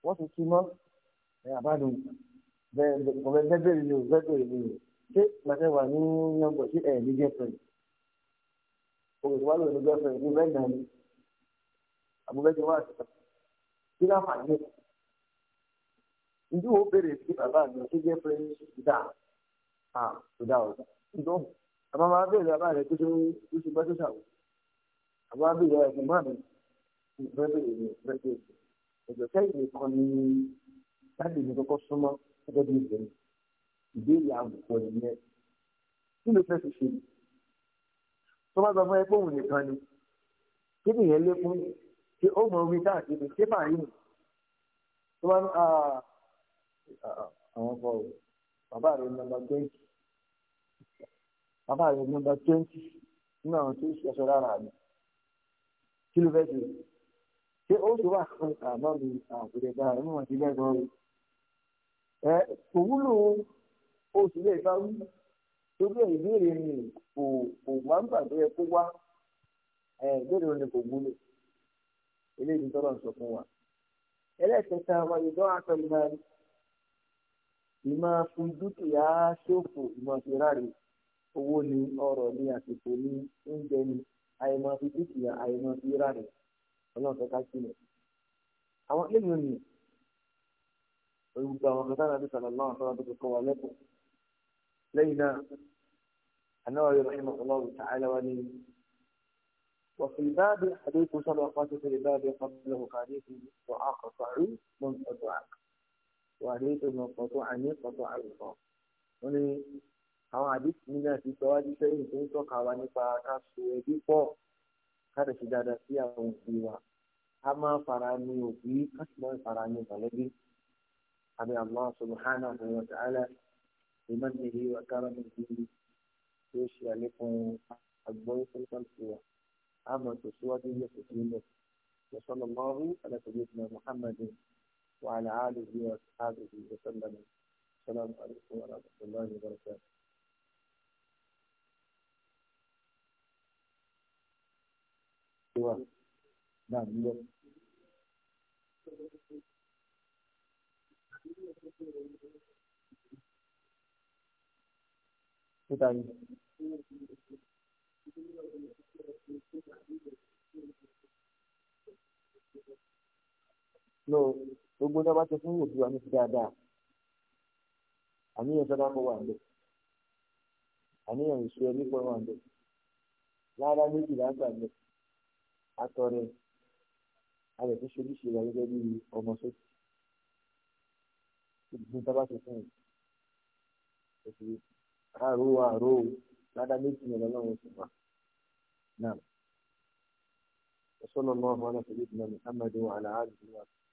wọ́n ti ti mọ́ ẹ̀ àbádùn bẹ́ẹ̀ bẹ́ẹ̀ bẹ́ẹ̀ ni o bẹ́ẹ̀ bẹ́ẹ̀ ni o ṣé màtí wà ní yọ̀ǹgbọ̀ sí ẹ̀ ní gẹ́fẹ̀rẹ̀ òkè wà lónìí gẹ́fẹ̀rẹ̀ ní bẹ́ẹ̀ náà ni àbúgbẹ́jọ wà síta kí ló máa yẹ ìdí wo bèrè sí bàbá mi tó jẹ́ pé ìdá à ìdá o ìdó àmọ́ máa bèrè bàbá rẹ̀ tó tó tó ṣe bá tó ṣàwọ̀ àmọ́ máa bèrè ẹ̀gbọ́n máa mi ìgbẹ́ bèrè mi ìgbẹ́ bèrè mi ẹ̀jọ̀ sẹ́yìn kan ní láti ìlú kọ́kọ́ súnmọ́ gẹ́gẹ́ bí ìbẹ̀rẹ̀ ìbéèrè àbùkù nìyẹn kí ló fẹ́ fi ṣe tó bá gbọ́ fún ẹ pé òun nìkan ni kí nìyẹn lékún ṣé ó mọ orin káàkiri ṣé fàáyì nì tó bá ní ah, ah, ah, àwọn ọkọ bàbá rẹ nọ́mbà twenty bàbá rẹ nọ́mbà twenty nínú àwọn tó ṣẹṣọ lára mi kí ló fẹ́ ṣe ṣé ó ṣe wà fún àbá mi àkùrẹ̀ bá rẹ níwọ̀n bẹ́ẹ̀ gan rẹ ẹ kò wúlò oṣù lè bá wí torí ìbéèrè mi kò kò wá ń gbàgbé ẹ kó wá ẹ ìbéèrè mi kò wúlò eléyìí tọ́lọ̀ ń sọ fún wa. ẹlẹ́ẹ̀kẹta wa ìdán àtọ̀lùmọ́ ìmọ̀ fún dúkìá ṣòfò ìmọ̀ ìráre owó ni ọrọ̀ ni àsìkò ni oúnjẹ ni àìmọ̀ fi dúkìá àìmọ̀ fi ráre ọlọ́run fẹ́ ká sílẹ̀. àwọn eléyìí ni olùgbà àwọn kọ̀tà nàbí sàlọ́lá àtọ́lá tó kọ́ wa lẹ́kọ̀ọ́ lẹ́yìn náà anáwó yorùbá ìmọ̀ ọlọ́run وفي الباب حديث سبق في الباب قبله حديث وأقطع منقطع وحديث منقطع قطع الله وني àwọn àdìsí nígbà tí sọ wájú sẹ́yìn tó ń tọ́ka wa nípa ká so ẹbí pọ̀ ká lè ṣe dáadáa sí àwọn òbí wa ká máa fara ní òbí ká sì máa fara ní mọ̀lẹ́bí àbí Allah subhanahu wa ta'ala ìmọ̀ nìyí wa kára nìyí tó ṣe àlékún àgbọ̀yé fún kálukú wa. àmọ́ tẹ̀síwájú yẹ وصلى الله على سيدنا محمد وعلى آله وأصحابه وسلم السلام عليكم ورحمة الله وبركاته نعم no gbogbo tó bá ti fún òbí wa ní ti dáadáa àníyàn sọdá kó wà ń bẹ àníyàn ìṣe ẹbí kó wà ń bẹ lára méjì lágbà ń bẹ àtọrẹ alẹ tó ṣe ojúṣe wa gẹ́gẹ́ bí ọmọ sókè gbogbo tó bá ti fún òbí àrò àrò lára méjì yẹn lọ́wọ́ sí نعم وصلى الله على سيدنا محمد وعلى آله وصحبه